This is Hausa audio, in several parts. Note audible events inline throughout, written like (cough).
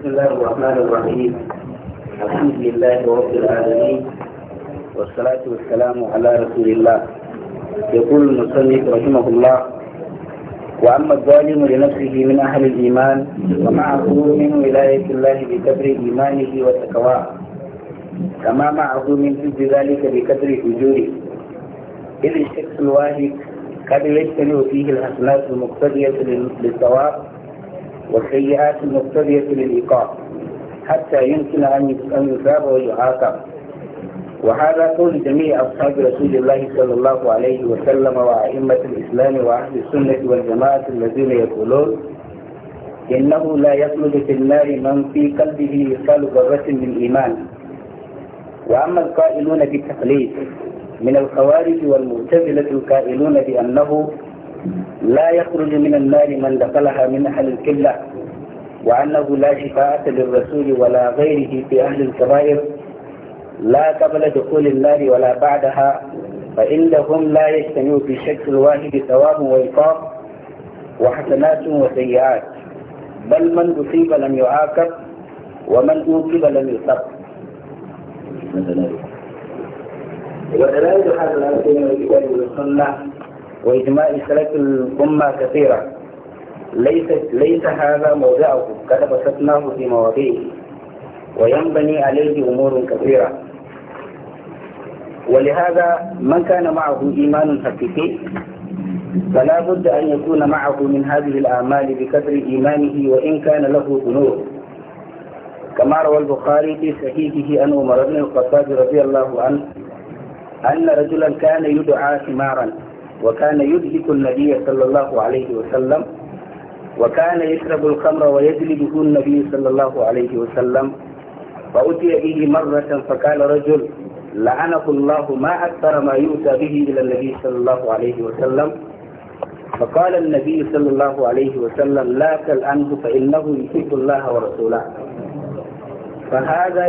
بسم الله الرحمن الرحيم الحمد لله رب العالمين والصلاة والسلام على رسول الله يقول المصنف رحمه الله وأما الظالم لنفسه من أهل الإيمان ومع خروج من ولاية الله بكبر إيمانه وتقواه كما معه من حفظ ذلك بكثر أجوره إذ الشخص الواحد قد يجتمع فيه الحسنات المقتضية للثواب والسيئات المقتضية للإيقاف حتى يمكن أن يثاب ويعاقب وهذا قول جميع أصحاب رسول الله صلى الله عليه وسلم وأئمة الإسلام وأهل السنة والجماعة الذين يقولون إنه لا يخلد في النار من في قلبه مثقال ذرة من إيمان وأما القائلون بالتقليد من الخوارج والمعتزلة القائلون بأنه لا يخرج من النار من دخلها من أهل الكلة وأنه لا شفاعة للرسول ولا غيره في أهل الكبائر لا قبل دخول النار ولا بعدها فإنهم لا يجتمع في الشكل الواحد ثواب وإيقاف وحسنات وسيئات بل من أصيب لم يعاقب ومن أوكب لم يصب ودلائل هذا الأمر من الكتاب والسنة وإجماع سلف الأمة كثيرا ليس, ليس هذا موضعه قد بسطناه في مواضعه وينبني عليه أمور كثيرة ولهذا من كان معه إيمان حقيقي فلا بد أن يكون معه من هذه الأعمال بقدر إيمانه وإن كان له ذنوب كما روى البخاري في صحيحه أن عمر بن الخطاب رضي الله عنه أن رجلا كان يدعى حمارا وكان يدرك النبي صلى الله عليه وسلم وكان يشرب الخمر ويجلبه النبي صلى الله عليه وسلم فأتي به مرة فقال رجل لعنه الله ما أكثر ما يؤتى به إلى النبي صلى الله عليه وسلم فقال النبي صلى الله عليه وسلم لا تلعنه فإنه يحب الله ورسوله فهذا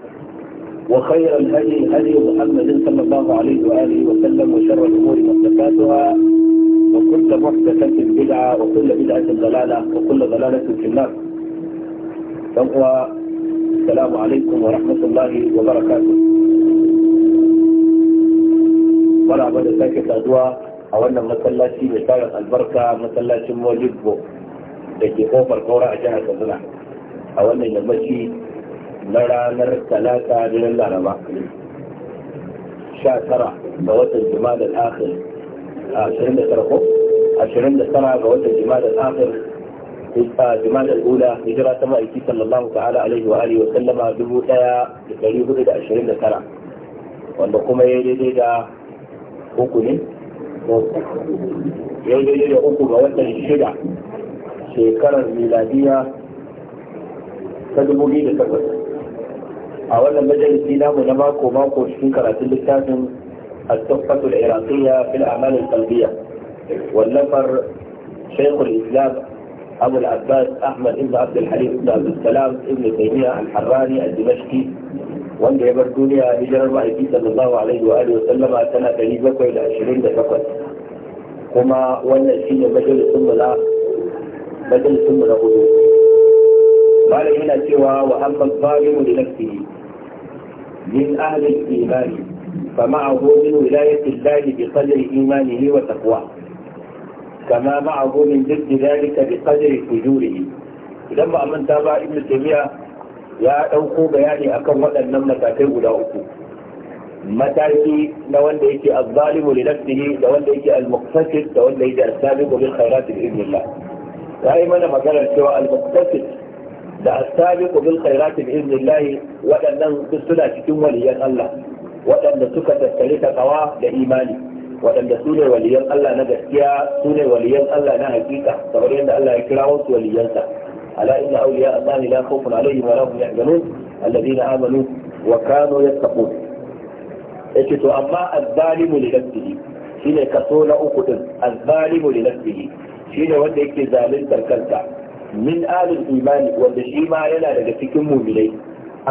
وخير الهدي هدي محمد صلى الله عليه وآله وسلم وشر الأمور محدثاتها وكل محدثة بدعة وكل بدعة ضلالة وكل ضلالة في النار السلام عليكم ورحمة الله وبركاته ولا بد ساكت ادواء او ان masallaci بشارك البركه albarka موجب. mojibbo da ke kofar kaura a jihar kaduna a na ranar talata da laraba sha tara ga watan jima'a da akhir ashirin da tara ko ashirin da tara ga watan jima'a da a jima'a da ula hijira ta ma'aiki sallallahu ta'ala alaihi wa alihi wa sallama dubu daya da dari hudu da ashirin da tara wanda kuma ya daidai da uku ne ya daidai da uku ga watan shida shekarar miladiya ta dubu biyu da takwas a wannan majalisi namu na mako mako cikin karatun littafin al-tuffatul al-qalbiyya iraqiyya a'mal التحفة shaykhul islam abu al-abbas ahmad ibn abd al-halim بن abd al-salam ibn السلام al-harrani al-dimashqi wanda ya bar duniya a hijirar ma'aiki sallallahu alaihi wa alihi wa sallama tana ɗari bakwai da ashirin da takwas kuma wannan shi ne majalisun mu na majalisun mu na hudu malam yana cewa wa amma zalimu li nafsihi من اهل الإيمان فمعه من ولاية الله بقدر إيمانه وتقواه كما معه من ضد ذلك بقدر فجوره لما من تابع ابن تيمية يا أوكو بياني أكمل أن لم نتاكيه لأوكو متى يكي لون الظالم لنفسه لون ليكي المقتصد لون السابق للخيرات بإذن الله دائما ما كان سوى المقتصد da asabiqu bil khairati bi idnillahi waɗannan duk suna cikin waliyan Allah waɗanda suka tattare ta kawa da imani waɗanda su ne waliyan Allah na gaskiya su ne waliyan Allah na hakika kamar yadda Allah ya kira wasu waliyansa ala inna awliya Allah la khawfun alaihim wa la hum yahzanun alladhina amanu wa kanu yattaqun yace to amma az-zalimu li nafsihi shine kaso na uku din az-zalimu li nafsihi shine wanda yake zaluntar kansa min alil imani wanda shi ma yana daga cikin mu'minai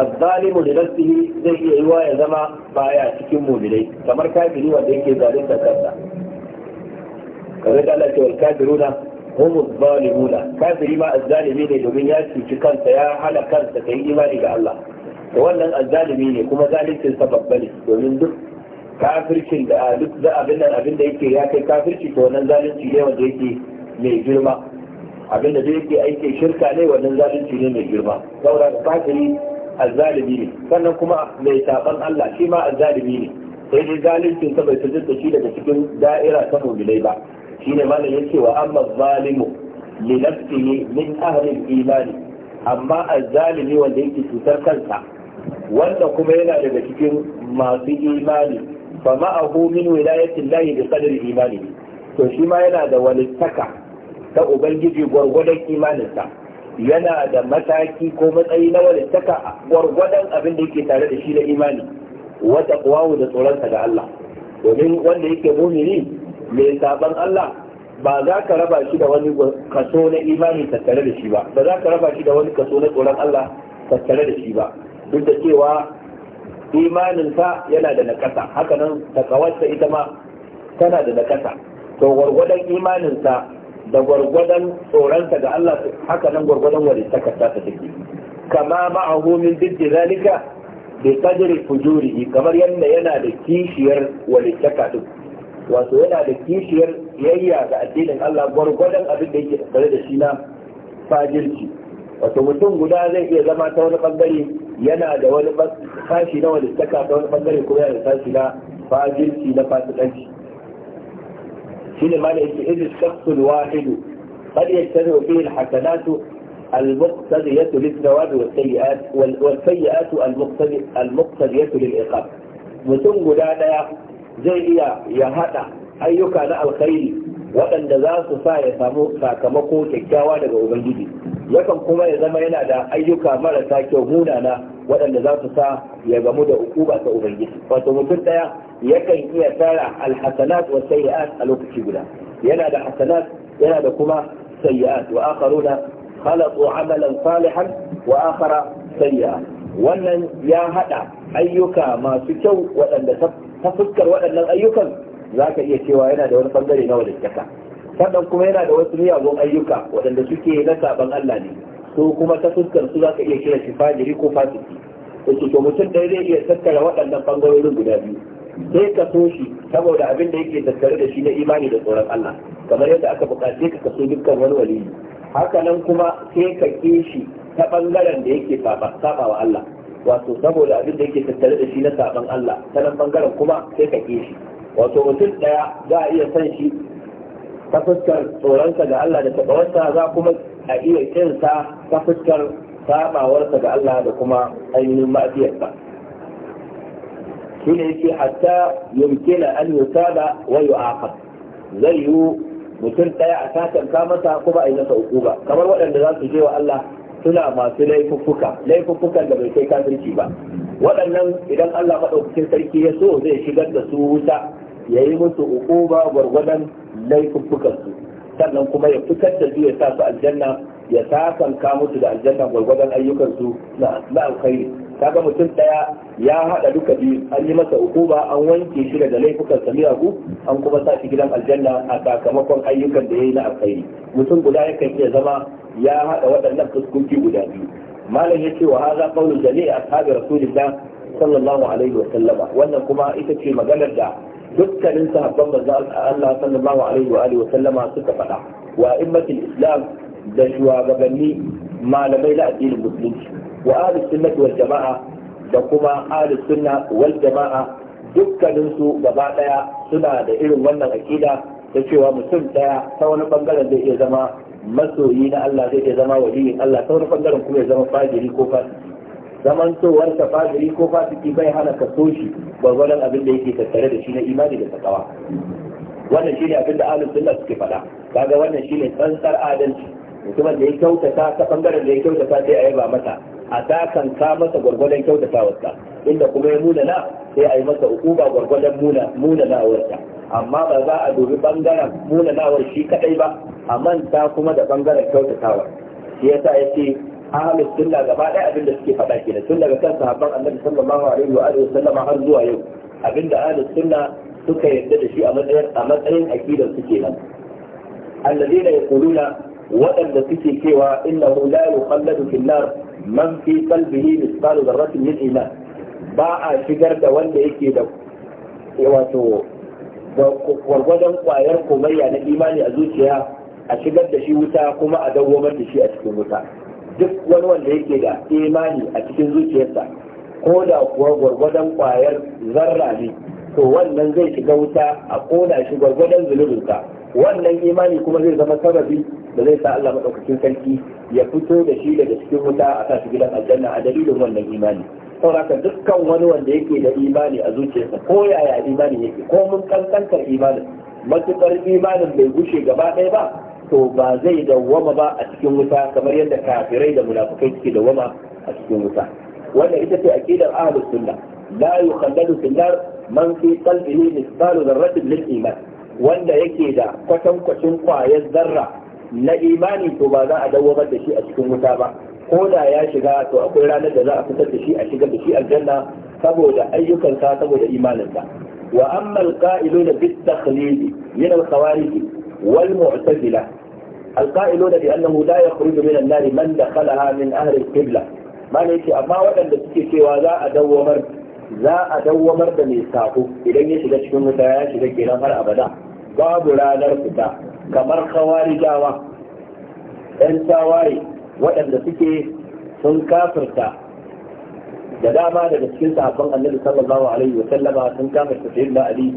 azzalimu da nafsihi zai iya yiwa ya zama baya cikin mu'minai kamar kafiri wanda yake zalunta kansa kamar da Allah ce wal kafiruna hum zalimuna kafiri ma azzalimi ne domin ya cuci kansa ya hana kansa ذلك imani ga Allah to wannan azzalimi ne kuma zalincin sa ne domin duk kafircin da duk abin nan abin da yake ya kai kafirci to wannan zalunci ne wanda yake mai girma abin da yake aiki shirka ne wannan zalunci ne mai girma saboda kafiri azzalimi ne sannan kuma mai saban Allah shi ma azzalimi ne sai dai zaluncin sa bai fitar da shi daga cikin da'ira ta mu'minai ba shine malamin yake wa amma zalimu li nafsihi min ahli al amma azzalimi wanda yake cutar kansa wanda kuma yana daga cikin masu imani fa ma'ahu min wilayatin lahi bi qadri imani to shi ma yana da walittaka ta ubangiji gwargwadon imaninsa yana da mataki ko matsayi na taka gwargwadon abin da yake tare da shi da imani wata kuwawu da tsoronsa ga Allah domin wanda yake mumini mai saban Allah ba za ka raba shi da wani kaso na imani tattare da shi ba ba za ka raba shi da wani kaso na tsoron Allah tattare da shi ba duk da cewa imaninsa yana da nakasa hakanan takawarsa ita ma tana da nakasa to gwargwadon imaninsa da gwargwadon tsoronta ga Allah haka nan gwargwadon walittaka ta take kama ma'ahu min diddi zalika bi Kajiri fujurihi kamar yadda yana da kishiyar walittaka din wato yana da kishiyar yayya ga addinin Allah gwargwadon abin da yake tare da shi na fajirci wato mutum guda zai iya zama ta wani bangare yana da wani sashi na walittaka ta wani bangare kuma yana da sashi na fajirci na fasikanci shine ma da yake idil shakhsul wahid qad yajtami'u fihi al-hasanat al-muqtadiyatu lil-thawab was-sayyi'at was-sayyi'atu al mutum guda ɗaya zai iya ya hada ayyuka na alkhairi waɗanda za su sa ya samu sakamako kyakkyawa daga ubangiji yakan kuma ya zama yana da ayyuka marasa kyau munana waɗanda za su sa ya gamu da ukuba ta ubangiji wato mutum ɗaya yakan iya tara alhasanat wa sayyi'at a lokaci guda yana da hasanat yana da kuma sayyi'at wa akharuna khalaqu amalan salihan wa akhara sayyi'a wannan ya hada ayyuka masu kyau waɗanda ta fuskar waɗannan ayyukan zaka iya cewa yana da wani bangare na wadantaka sannan kuma yana da wasu miyagun ayyuka waɗanda suke na saban Allah ne To kuma ta fuskar su za ka iya kira shi fajiri ko fasiki to to mutum ɗaya zai iya tattara waɗannan bangarorin guda biyu sai ka so shi saboda abin da yake tattare da shi na imani da tsoron Allah kamar yadda aka buƙace ka kaso dukkan wani waliyi haka nan kuma sai ka ke shi ta bangaren da yake saba wa Allah wato saboda abin da yake tattare da shi na saban Allah ta nan bangaren kuma sai ka ke shi wato mutum daya za a iya san shi ta fuskar tsoronsa ga Allah da taɓawarsa za kuma a iya kinsa ta fuskar sabawarsa ga Allah da kuma ainihin ma'afiyarsa shi ne yake hatta yumkina an yusaba wa yu'aqab zai yi mutum ɗaya a satanka masa kuma a yi masa ba kamar waɗanda za su je wa Allah suna masu laifuffuka laifuffukan da bai kai kafirci ba waɗannan idan Allah maɗaukakin sarki ya so zai shigar da su wuta ya yi musu ukuba gwargwadon laifuffukansu sannan kuma ya fitar da su ya sa su aljanna ya sasanka musu da aljanna gwargwadon ayyukansu na alkhairi kaga mutum daya ya hada duka biyu an yi masa ukuba an wanke shi daga laifukan samiya an kuma sa shi gidan aljanna a sakamakon ayyukan da ya yi na alkhairi mutum guda yakan iya zama ya hada waɗannan fuskoki guda biyu malam ce wa hadha qawlu jami'i ashabi rasulillah sallallahu alaihi wa sallama wannan kuma ita ce maganar da dukkanin sahabban manzo Allah sallallahu alaihi wa alihi wa sallama suka faɗa wa immatul islam da shugabanni malamai na addinin musulunci wa ahlus sunnah wal jama'a da kuma ahlus sunna wal jama'a dukkanin su gaba daya suna da irin wannan aƙida ta cewa mutum daya ta wani bangaren zai iya zama masoyi na Allah zai iya zama waliyin Allah ta wani bangaren kuma ya zama fajiri ko fasiki zamantowar ka fadiri ko fasiki bai hana ka soshi shi abin da yake tattare da shi na imani da takawa wannan shine abin da ahlus sunna suke faɗa kaga wannan shine tsantsar adalci mutumin da ya kyautata ta bangaren da ya kyautata sai a yaba mata a takan ka masa gwargwadon wasa inda kuma ya muna na sai a yi masa hukuma gwargwadon muna wasa amma ba za a dubi bangaren muna nawar shi kadai ba a manta kuma da bangaren kyautatawa shi yasa ya ce ahlus sunna gaba ɗaya abin da suke faɗa kenan tun daga kan sahabban annabi sallallahu alaihi wa alihi sallama har zuwa yau abinda ahlus sunna suka yarda da shi a matsayin a matsayin akidar su kenan alladheena yaquluna waɗanda suke cewa innahu la yuqalladu fil nar man fi qalbihi mithqalu dharratin min iman ba a shigar da wanda yake da eh, wato gwargwadon kwayar komayya na imani a zuciya a shigar da shi wuta kuma a dawwamar da shi a cikin wuta duk wani wanda yake da imani a cikin zuciyarsa ko da kuwa gwargwadon kwayar zarra ne to wannan zai shiga wuta a kona shi gwargwadon zunubinsa wannan imani kuma zai zama sababi da zai sa Allah maɗaukacin sarki ya fito da shi daga cikin wuta a sa shi gidan aljanna a dalilin wannan imani sauraka dukkan wani wanda yake da imani a zuciyarsa ko yaya imani yake ko mun kankantar imanin matukar imanin bai gushe gaba ɗaya ba to ba zai dawwama ba a cikin wuta kamar yadda kafirai da munafukai suke dawwama a cikin wuta wannan ita ce aqidar ahlus sunna la yukhalladu fil nar man fi qalbihi mithqalu dharratin lil iman wanda yake da kwatankwacin kwayar zarra na imani to ba za a dawwamar da shi a cikin wuta ba ko da ya shiga to akwai ranar da za a fitar da shi a shigar da shi aljanna saboda ayyukansa saboda imaninsa wa amma alqa'iluna bit takhlidi min al والمعتزلة القائلون بأنه لا يخرج من النار من دخلها من أهل القبلة ما ليس أما وأن تكي سوى لا أدومر لا أدومر دمي ساقو إذن يشد شكون متعاش لكي نهر أبدا باب لا نرفتا كمر خوارجاوة ɗan tawaye waɗanda suke sun kafirta da dama daga cikin sahabban annabi sallallahu alaihi wa sallama sun kafirta sayyidina ali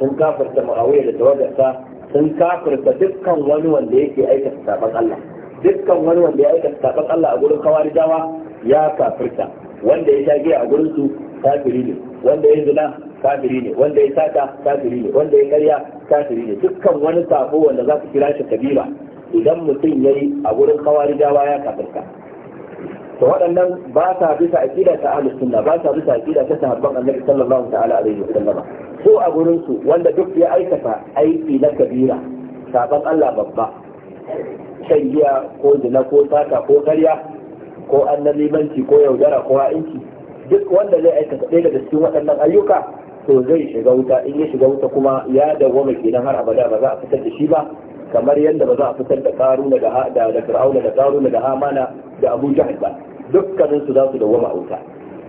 sun kafirta ma'awiyar da tawagarsa sun kafirta dukkan wani wanda yake aikata saban Allah dukkan wani wanda ya aikata saban Allah a gurin jawa ya kafirta wanda ya shagiya a gurin su kafiri ne wanda ya zina kafiri ne wanda ya saka kafiri ne wanda ya karya kafiri ne dukkan wani sako wanda za ka kira shi kabila idan mutum ya yi a gurin jawa ya kafirta to waɗannan ba sa bisa aƙida ta ahlus sunna ba sa bisa aƙida ta sahabban annabi sallallahu ta'ala alaihi wa sallama su a gurinsu wanda duk ya aikata aiki na kabira saban Allah babba shan giya ko jina ko sata ko karya ko annabimanci ko yaudara ko ha'inci duk wanda zai aikata ɗaya daga cikin waɗannan ayyuka to zai shiga wuta in ya shiga wuta kuma ya dawwama kenan har abada ba za a fitar da shi ba kamar yadda ba za a fitar da karuna da da fir'auna da karuna da hamana da abu jahal ba dukkanin su za su dawwama a wuta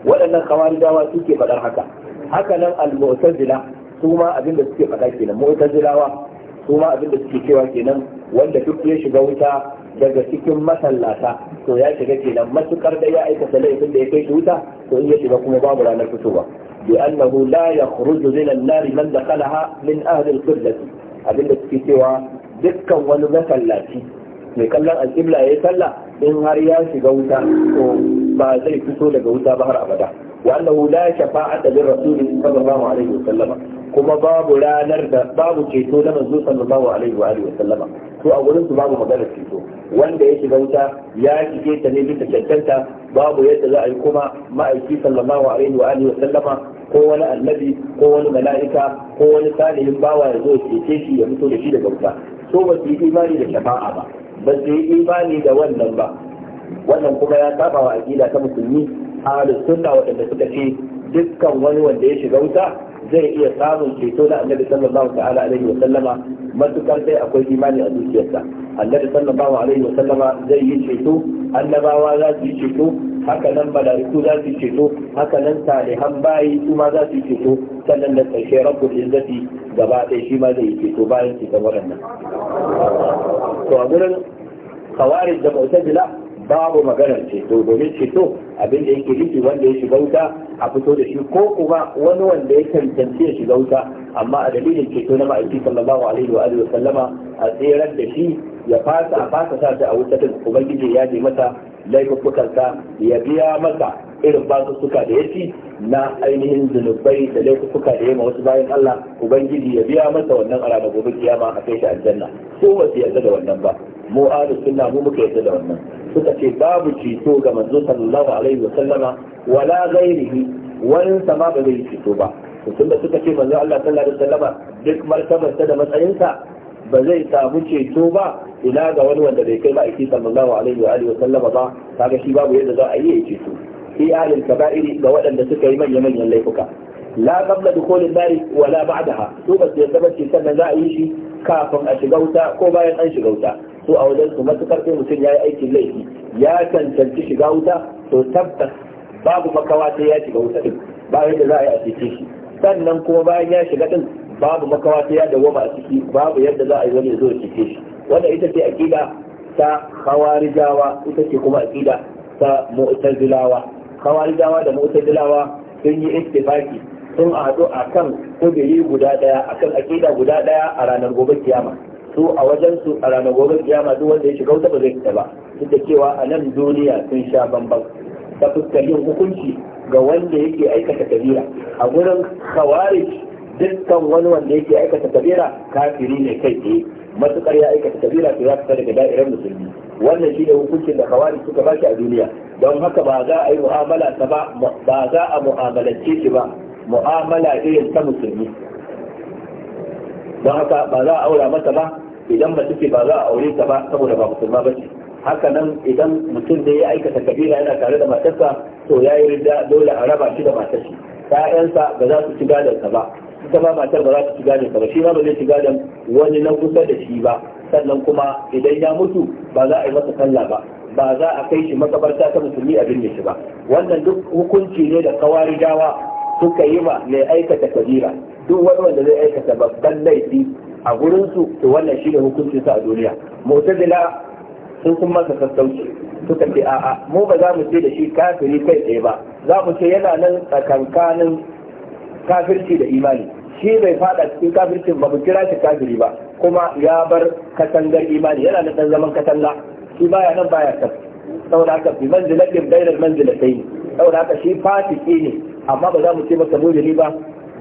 waɗannan kawarijawa suke faɗar haka haka nan al-mu'tazila su abin da suke faɗa kenan mu'tazilawa su abin da suke cewa kenan wanda duk ya shiga wuta daga cikin masallata to ya shiga kenan matukar da ya aikata laifin da ya kai shi wuta to in ya shiga kuma babu ranar fitowa bi annahu la yakhruju min an-nar man dakhalaha min ahli al abin da suke cewa dukkan wani masallaci mai kallon al-qibla yayi sallah in har ya shiga wuta to ba zai fito daga wuta ba har abada wa annahu la shafa'ata lir rasul sallallahu alaihi wa sallama kuma babu ranar da babu ceto na manzo sallallahu alaihi wa alihi wa sallama to a gurin su babu maganar ceto wanda ya shiga wuta ya shige ta ne bisa cancanta babu yadda za a yi kuma ma'aiki sallallahu wa wa ko wani annabi ko wani mala'ika ko wani salihin bawa ya zo cece shi ya fito da shi daga wuta so ba su yi imani da shafa'a ba ba su yi imani da wannan ba wannan kuma ya saba wa aqida ta musulmi a sunna waɗanda suka ce dukkan wani wanda ya shiga wuta zai iya samun ceto na annabi sallallahu ta'ala alaihi wa sallama matukar sai akwai imani a zuciyarsa annabi sallallahu alaihi wa sallama zai yi ceto annabawa za su yi ceto haka nan malaiku za su yi ceto haka nan salihan bayi su ma za su yi ceto sannan da karshe rabbul izzati gaba ɗaya shi ma zai yi ceto bayan ceton waɗannan to a gurin khawarij da mu'tazila babu maganar ceto domin ceto abin da yake nufi wanda ya shiga wuta a fito da shi ko kuma wani wanda ya tantance ya shiga wuta amma a dalilin ceto na ma'aiki sallallahu alaihi wa sallama a tserar da shi ya fasa a fasa sa ta a wuta din ubangiji ya je mata laifukansa ya biya masa irin basussuka da ya ci na ainihin zunubai da laifuka da ya ma wasu bayan Allah ubangiji ya biya masa wannan a ranar gobe kiyama a kai shi aljanna ko ba su yarda da wannan ba mu ahlus sunna mu muka yarda da wannan suka ce babu cito ga manzo sallallahu alaihi wa sallama wala ghairihi wani sama ba zai cito ba da suka ce manzo Allah sallallahu alaihi wa sallama duk martabarsa da matsayinsa ba zai samu ceto ba ina ga wani wanda bai kai ma'aiki sallallahu alaihi wa alihi wa sallama ba kaga shi babu yadda za a yi ya ceto fi ba iri ga waɗanda suka yi manya manyan laifuka la qabla dukhulin nari wala ba'daha su ba su yarda sannan za a yi shi kafin a shiga wuta ko bayan an shiga wuta to a wajen su matukar sai mutum ya yi aikin laifi ya cancanci shiga wuta to tabbas babu makawa sai ya shiga wuta din bayan da za a yi a cece shi sannan kuma bayan ya shiga din babu makawa sai ya dawoma a ciki babu yadda za a yi wani ya zo ya cece shi wanda ita ce aqida ta khawarijawa ita ce kuma aqida ta mu'tazilawa kawarijawa da mutazilawa sun yi istifaki sun haɗu akan kudiri guda daya akan aƙida guda daya a ranar gobe kiyama su a wajen su a ranar gobe kiyama duk wanda ya shiga wuta ba zai fita ba duk da cewa a nan duniya sun sha bambam ta fuskar yin hukunci ga wanda yake aikata kabira a gurin khawarij dukkan wani wanda yake aikata kabira kafiri ne kai tsaye matukar ya aikata kabira to ya fita daga da'irar musulmi wannan shi ne hukuncin da kawari suka bashi a duniya don haka ba za a yi mu'amala ta ba ba za a mu'amalance shi ba mu'amala irin ta musulmi don haka ba za a aura mata ba idan ba take ba za a aure ta ba saboda ba musulma ba ce haka nan idan mutum da ya aikata kabila yana tare da matarsa to ya yi rida dole a raba shi da matar shi ƴaƴansa ba za su ci gadonsa ba ita ma matar ba za ta ci gadon ba shi ma ba zai ci gadon wani na kusa da shi ba sannan kuma idan ya mutu ba za a yi masa sallah ba ba za a kai shi makabarta ta musulmi a binne shi ba wannan duk hukunci ne da kawari dawa suka yi ma mai aikata kabira duk wani wanda zai aikata babban laifi a gurin su to wannan shine hukuncin sa a duniya mu'tazila sun kuma masa sassauci suka ce a'a mu ba za mu ce da shi kafiri kai tsaye ba za mu ce yana nan tsakankanin kafirci da imani shi bai fada cikin kafircin ba mu kira shi kafiri ba kuma ya bar katangar imani yana da dan zaman katanga shi baya nan baya kaf saboda haka fi manzilatin bainal manzilatayn saboda haka shi fatiki ne amma ba za mu ce masa mujri ba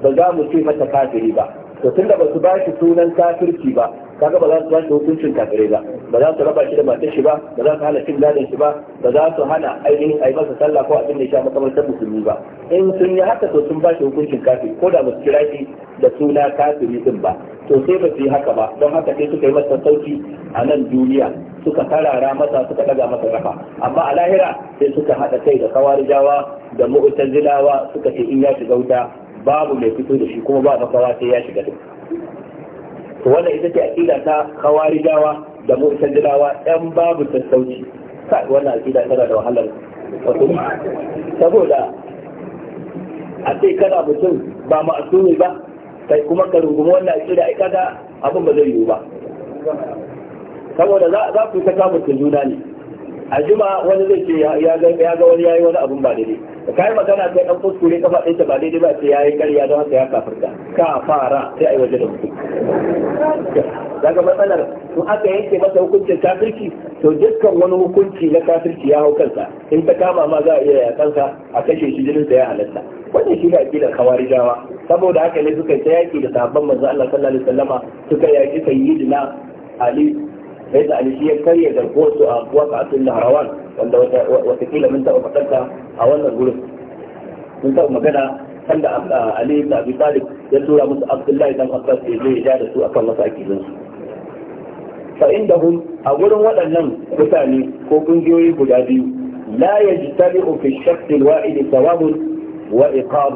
ba za mu ce masa kafiri ba to tunda ba su ba shi sunan kafirci ba kaga ba za su ba hukuncin kafirai ba ba za su raba shi da matar shi ba ba za su hana cin gadon shi ba ba za su hana ainihin a yi masa sallah ko abin da ya sha makamantar musulmi ba in sun yi haka to sun ba shi hukuncin kafiri ko da ba su kira shi da suna kafiri din ba to sai ba su yi haka ba don haka sai suka yi masa sauki a nan duniya suka tarara masa suka daga masa rafa amma a lahira sai suka haɗa kai da kawarijawa da mu'tazilawa suka ce in ya shiga wuta babu mai fito da shi kuma ba makawa sai ya shiga duk wannan ita ce aƙida ta kawarijawa da dawa ɗan babu sassauci kai wannan aƙida tana da wahalar wato saboda a ce kana mutum ba ma'asumi ba kai kuma ka rungumi wannan aƙida ai kaga abin ba zai yiwu ba saboda za ku ta kama juna ne a juma wani zai ce ya ga wani yayi wani abin ba daidai da kai magana sai dan kuskure kafa ɗin ta ba daidai ba sai yayi ƙarya don haka ya kafirta ka fara sai ai waje da mutum daga matsalar in aka yanke masa hukuncin kafirci to dukkan wani hukunci na kafirci ya hau kansa in ta kama ma za a iya yakansa a kashe shi jinin da ya halatta wannan shi ne aqidar kawarijawa saboda haka ne suka ta yaki da sahabban manzo Allah sallallahu alaihi wasallama suka yaki sayyidina Ali sai da alishi ya karya garkuwar su a waƙatun naharawan wanda watakila mun taɓa faɗarta a wannan gurin mun taɓa magana kan da ali ibn abi talib ya tura musu abdullahi dan abbas ya je ya da su akan wasu akidin su fa indahum a gurin waɗannan mutane ko kungiyoyi guda biyu la yajtami'u fi shakl al-wa'id thawab wa iqab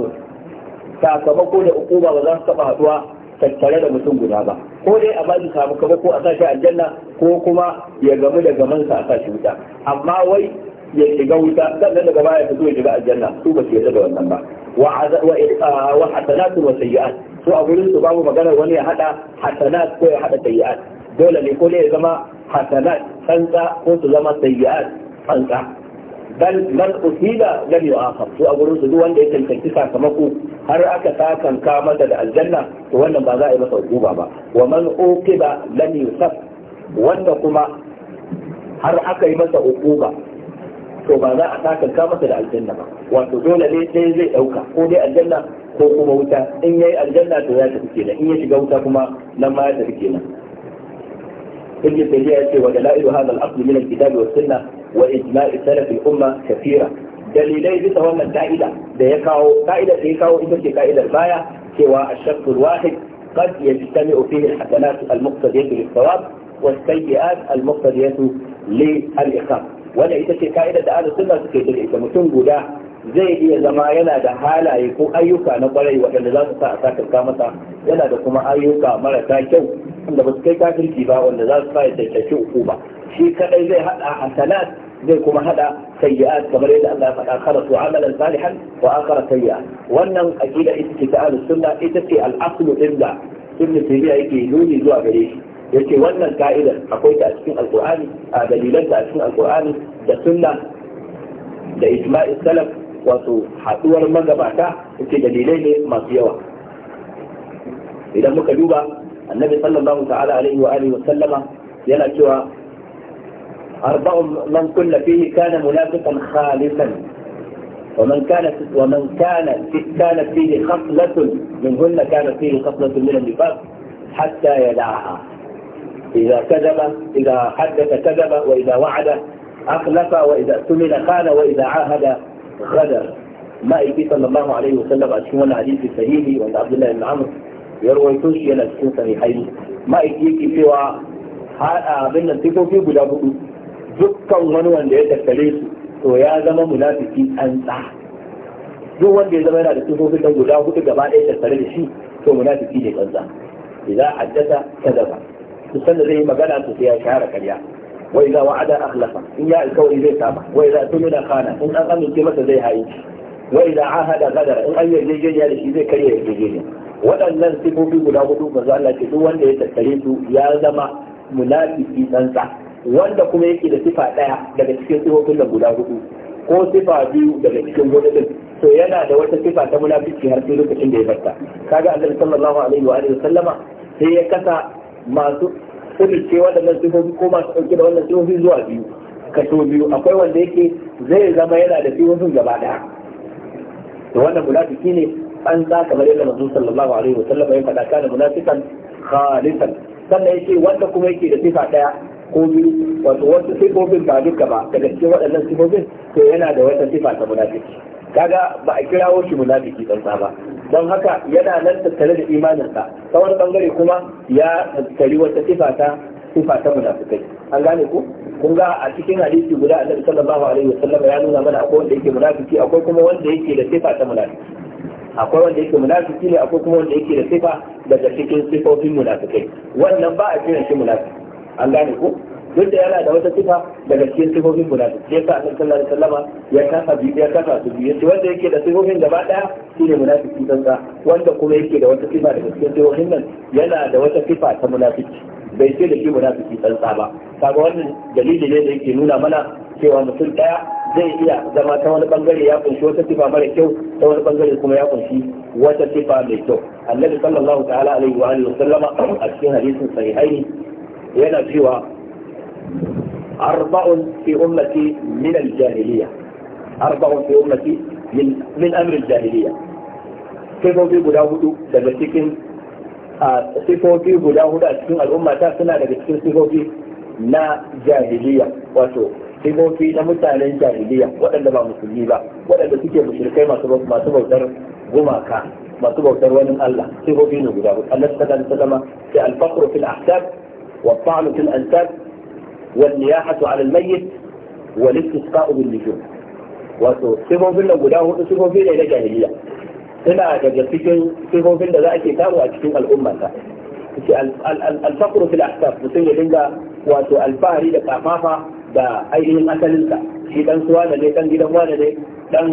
sakamako da ukuba ba za su taɓa haɗuwa tattare da mutum guda ba ko dai a ba samu kaba ko a sashi aljanna ko kuma ya gamu da gamansa a sashi wuta amma wai ya shiga wuta sannan daga baya ta zo ya shiga aljanna su ba su yarda da wannan ba wa eh, ah, hasanatu wa sayyi'at su a gurin su babu magana wani ya hada hasanat ko ya hada sayyi'at dole ne ko ya zama hasanat tsantsa ko su zama sayyi'at tsantsa bal man usiba lam yu'aqab su a gurin su duk wanda ya tantance sakamako har aka sakanka masa da aljanna to wannan ba za a yi masa hukuma ba wa man uqiba lam yusab wanda kuma har aka yi masa hukuma to ba za a sakanka masa da aljanna ba wato dole ne sai zai dauka ko dai aljanna ko kuma wuta in yayi aljanna to ya tafi kenan in ya shiga wuta kuma nan ma ya tafi kenan ya ابن تيمية يقول ودلائل هذا al من wa والسنة wa ijma'i salaf al-umma kathira dalilai bisa wannan ka'ida da ya kawo ka'idar da ya kawo ita ce ka'idar baya cewa ash-shakku wahid قد يجتمع فيه الحسنات المقتضية للثواب والسيئات المقتضية للإقامة ولا إذا كائدة أهل السنة تكيد mutum guda. zai iya zama yana da halaye ko ayyuka na kwarai waɗanda za su sa a sakarka masa yana da kuma ayyuka marasa kyau wanda ba su kai kafirci ba wanda za su sa ya tattaki uku ba shi kadai zai hada hasanat zai kuma hada sayyi'at kamar yadda Allah ya faɗa su amala salihan wa akhara sayyi'at wannan aqida ita ce ta sunna ita ce al-aslu inda ibn taymiya yake nuni zuwa gare shi yace wannan ka'idar akwai ta a cikin alqur'ani a dalilan ta a cikin alqur'ani da sunna da ijma'i salaf wato haɗuwar magabata ce dalilai ne masu yawa idan muka duba annabi sallallahu ta'ala alaihi wa alihi wa sallama yana cewa أربع من كل فيه كان منافقا خالصا ومن كانت ومن كانت كانت فيه خصلة منهن كانت فيه خصلة من النفاق حتى يدعها إذا كذب إذا حدث كذب وإذا وعد أخلف وإذا اؤتمن خان وإذا عاهد غدر ما يبي صلى الله a cikin أشكي وانا sahihi wanda Abdullahi عبد الله بن عمرو يروي توشي أنا أشكي صحيحين ما يبي abin nan sifofi guda hudu dukkan wani wanda ya tattare su to ya zama munafiki an tsa duk wanda ya zama yana da sifofin ta guda hudu gaba ɗaya tattare da shi to munafiki ne kansa idan haddasa kadaba to da zai yi magana to sai ya share karya wai za wa'ada akhlafa in ya alkawari zai saba wai za tumina khana in an amince masa zai hayi wai za ahada gadara in an yarjejeniya da shi zai karya yarjejeniya waɗannan sifofi guda hudu manzo Allah ce duk wanda ya tattare su ya zama munafiki tsantsa wanda kuma yake da sifa ɗaya daga cikin sifofin nan guda hudu ko sifa biyu daga cikin hudu to yana da wata sifa ta munafiki har sai lokacin da ya barta kaga annabi sallallahu alaihi wa alihi sallama sai ya kasa masu ce waɗannan sifofi ko masu ɗauke da wannan sifofi zuwa biyu kaso biyu akwai wanda yake zai zama yana da sifofin gaba ɗaya to wannan munafiki ne an za kamar yadda manzo sallallahu alaihi wasallam ya faɗa kana munafikan khalisan sannan yake wanda kuma yake da sifa ɗaya ko biyu wato wasu sifofin ba duka ba daga cikin waɗannan sifofin to yana da wata sifa ta munafiki kaga ba a kirawo shi munafiki ɗan ba don haka yana nan tattare da imaninsa ta wani bangare kuma ya tattari wata sifa ta sifa ta munafikai an gane ku kun ga a cikin hadisi guda annabi sallallahu alaihi wasallam ya nuna mana akwai wanda yake munafiki akwai kuma wanda yake da sifa ta munafiki akwai wanda yake munafiki ne akwai kuma wanda yake da sifa daga cikin sifofin munafikai wannan ba a kiran shi munafiki an gane ku duk da yana da wata sifa daga cikin sifofin guda biyu sai sa annabi sallallahu alaihi sallama ya kafa biyu ya kafa su biyu yace wanda yake da sifofin gaba daya shine munafiki tsantsa wanda kuma yake da wata sifa daga cikin sifofin nan yana da wata sifa ta munafiki bai ce da shi munafiki tsantsa ba kaga wannan dalili ne da yake nuna mana cewa mutum daya zai iya zama ta wani bangare ya kunshi wata sifa mara kyau ta wani bangare kuma ya kunshi wata sifa mai kyau annabi sallallahu ta'ala alaihi wa sallama a cikin hadisin sahihaini yana cewa أربع في أمتي من الجاهلية أربع في أمتي sifofi guda hudu a cikin al'umma suna daga cikin sifofi na jahiliya wato sifofi na mutanen jahiliya waɗanda ba musulmi ba waɗanda suke mushrikai masu bautar gumaka masu bautar wani Allah sifofi ne guda hudu Allah ta kan sallama sai al-faqru wa ta'lu fil ansab والنياحة على الميت والاستسقاء باللجوم wato sifofin da guda hudu sifofi ne na jahiliya suna daga cikin sifofin da za a ke samu a cikin al'ummata ce alfakuru fil ahsab mutum ya dinga wato alfahari da kafafa da ainihin asalinsa shi dan suwa da ne dan gidan wani ne dan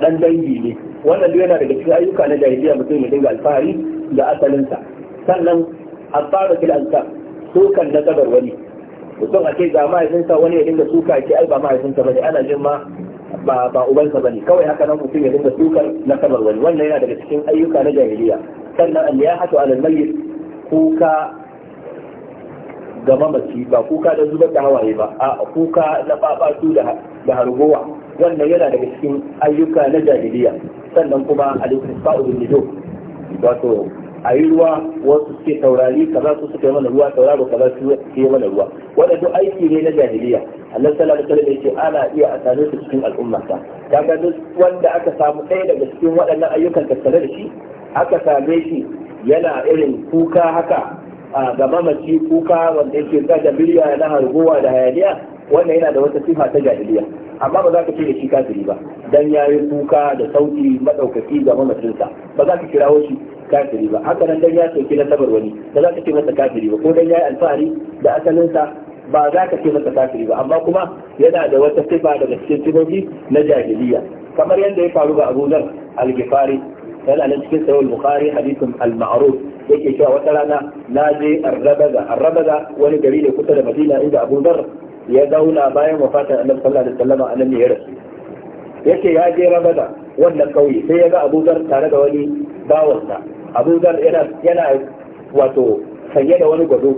dan dangi ne wannan duk yana daga cikin ayyuka na jahiliya mutum ya dinga alfahari da asalinsa sannan asfara fil ansab sukan na kabar wani mutum a ce ga mahaifinsa wani ya dinga suka ake, ce ai ba mahaifinsa bane ana jin ma ba ba ubansa bane kawai haka nan mutum ya dinga sukar na kabar wani wannan yana daga cikin ayyuka na jahiliya sannan an ya hatu alal mayyit kuka ga mamaci ba kuka da zubar da hawaye ba a kuka na babatu da da hargowa wannan yana daga cikin ayyuka na jahiliya sannan kuma al-istisqa'u bil wato a yi ruwa wasu suke taurari za su suka mana ruwa tauraro za su suke mana ruwa wanda duk aiki ne na jahiliya Allah sallallahu alaihi wasallam ce ana iya a same su cikin al'umma ta kaga duk wanda aka samu ɗaya daga cikin waɗannan ayyukan tattare da shi aka same shi yana irin kuka haka a ga mace kuka wanda yake ga da na harguwa da hayaniya wannan yana da wata sifa ta jahiliya amma ba za ka ce da shi kafiri ba dan yayi kuka da sauti madaukaki ga mamacinsa ba za ka kira shi kafiri ba haka nan dan ya soki na sabar wani ba za ka ce masa kafiri ba ko dan yayi alfahari da asalinsa ba za ka ce masa kafiri ba amma kuma yana da wata sifa daga cikin sifofi na jahiliya kamar yadda ya faru ga Abu Dhar al-Ghifari yana nan cikin sahih al-Bukhari hadithun al-ma'ruf yake cewa wata rana na je arrabaga arrabaga wani gari ne kusa da Madina inda Abu Dhar ya zauna bayan wafatar annabi sallallahu alaihi wasallam a nan ya rasu yake ya je rabada wannan kauye sai ya ga abuzar tare da wani bawansa abuzar yana yana wato sanye da wani gado.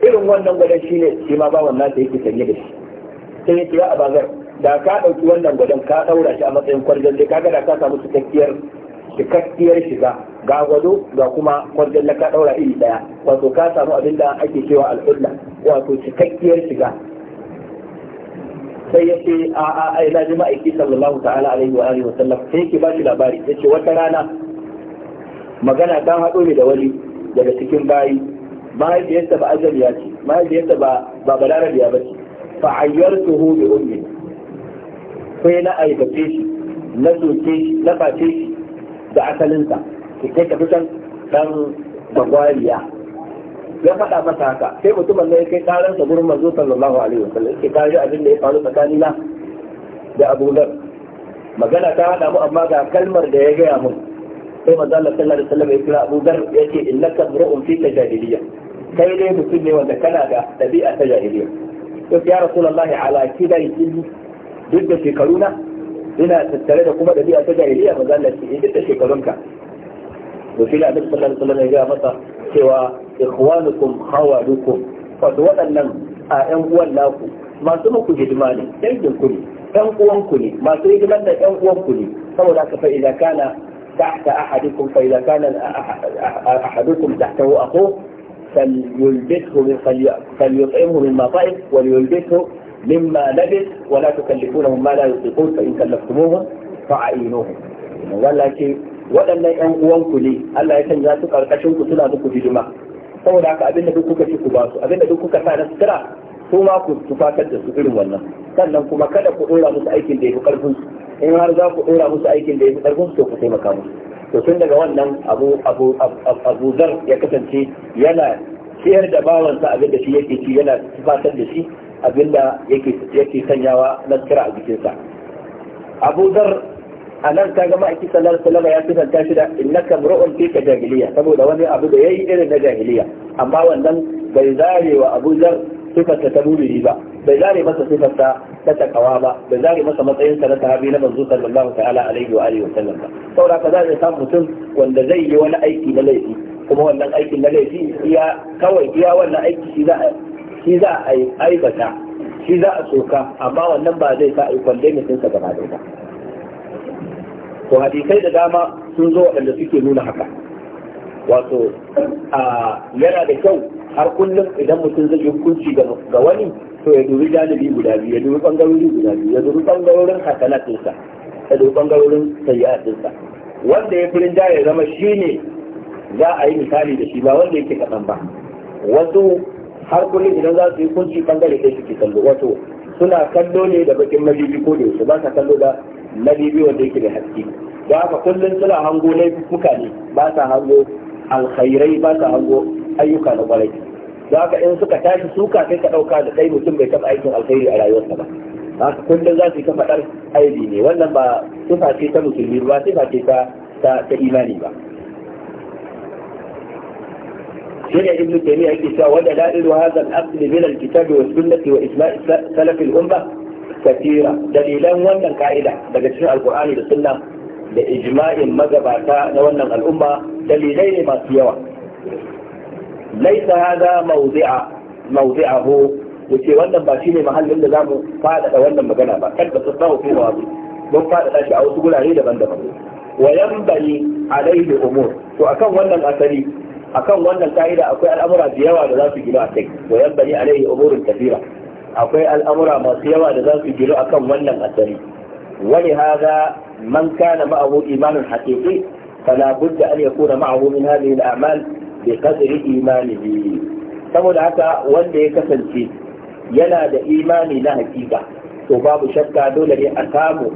irin wannan gado shine shi ma bawan nasa yake sanye da shi sai ya kira Abu abazar da ka ɗauki wannan gado ka ɗaura shi a matsayin kwarjan dai kaga da ka samu cikakkiyar cikakkiyar shiga ga gado ga kuma da ka ɗaura iri ɗaya wato ka samu abin da ake cewa al'ulla wato cikakkiyar shiga sai ya ce a a a ina ji ma'aiki sallallahu ta'ala alaihi wa alihi wa sallam sai yake ba shi labari ya ce wata rana magana ta haɗo ne da wani daga cikin bayi mahaifiyarsa ba ya ce mahaifiyarsa ba ba balarabiya ba ce fa ayyartuhu bi ummi sai na aibace shi na soke shi na face shi da asalinsa kai ka fitan dan bagwariya ya faɗa masa haka sai mutumin ne ya kai karar sa gurin manzo sallallahu alaihi wasallam ke kaji abin da ya faru tsakanina da Abu Dhar magana ta hada mu amma ga kalmar da ya gaya mun sai manzo sallallahu alaihi wasallam ya kira Abu Dhar yace innaka mar'un fi tajahiliya kai dai mutum ne wanda kana da ɗabi'a ta jahiliya to ya rasulullahi ala kidai duk da shekaru na ina tattare da kuma ɗabi'a ta jahiliya manzo ya ce eh, duk da shekarunka to shi da Annabi sallallahu alaihi wasallam ya ga masa cewa ikhwanukum khawalukum wato waɗannan a ƴan uwan naku masu muku hidima ne dangin ku ne ƴan uwan ku ne masu hidimar da ƴan uwan ku ne saboda haka fa idza kana tahta ahadikum fa idza kana ahadukum tahtahu akhu فليلبسه من فليطعمه مما طعم وليلبسه مما لبس ولا تكلفونهم ما لا يطيقون فإن كلفتموهم فعينوهم ولا شيء waɗannan ‘yan uwanku ne Allah ya canja su ƙarƙashin ku suna muku hidima saboda haka abin da duk kuka ci ku ba su abin da duk kuka sa na sutura su ma ku tufatar da su irin wannan sannan kuma kada ku dora musu aikin da ya fi karfin su in har za ku dora musu aikin da ya fi karfin su to ku taimaka musu to tun daga wannan abu abu abu zar ya kasance yana ciyar da bawansa abin da shi yake ci yana tufatar da shi abin da yake yake sanyawa na sutura a jikinsa abu zar a nan ka gama aiki sallallahu alaihi wasallam ya sifanta shi da innaka mru'un fi jahiliya saboda wani abu da yayi irin na jahiliya amma wannan bai zare wa Abu Zar sifarta ta muriri ba bai zare masa sifarta ta takawa ba bai zare masa matsayin sa na sahabi na manzo sallallahu ta'ala alaihi wa alihi wasallam ba saboda ka zai samu mutum wanda zai yi wani aiki na laifi kuma wannan aikin na laifi iya kawai iya wannan aiki shi za a shi za a aibata shi za a soka amma wannan ba zai sa a yi kwalle mutum sa gaba da ba to hadisai da dama sun zo waɗanda suke nuna haka wato yana da kyau har kullum idan mutum zai hukunci ga wani to ya dubi janibi guda biyu ya dubi bangarori guda biyu ya dubi bangarorin hasanatinsa ya dubi bangarorin sayyatinsa wanda ya firin ya zama shi ne za a yi misali da shi ba wanda yake kaɗan ba wasu har kullum idan za su yi kunci bangare ɗaya suke kallo wato suna kallo ne da bakin majiji ko da yaushe ba sa kallo da na labibi wanda yake da haske da haka kullum suna hango laifuka ne ba sa hango alkhairai ba sa hango ayyuka na kwarai da haka in suka tashi suka sai ka ɗauka da ɗai mutum bai taɓa aikin alkhairi a rayuwarsa ba haka kullum za su yi ta faɗar aibi ne wannan ba sifa ce ta musulmi ba sifa ce ta imani ba شرع ابن تيمية كتاب ودلائل هذا الأصل من الكتاب والسنة وإجماع سلف الأمة katira dalilan wannan ka'ida daga cikin alkur'ani da sunna da ijma'in magabata na wannan al'umma dalilai ne masu yawa laisa hada mawdi'a mawdi'ahu yace wannan ba shine mahallin da zamu fada wannan magana ba kada su tsawo ko ba mun fada shi a wasu gurare daban-daban wa yanbali alaihi umur to akan wannan asali akan wannan ka'ida akwai al'amura da yawa da za su gina a kai wa akwai al'amura masu yawa da za su giro akan wannan asari wani haza man kana ma'ahu imanin haƙiƙi fala budda an yakuna ma'ahu min hadhihi al'amal bi qadri imanihi saboda haka wanda ya kasance yana da imani na hakika to babu shakka dole ne a samu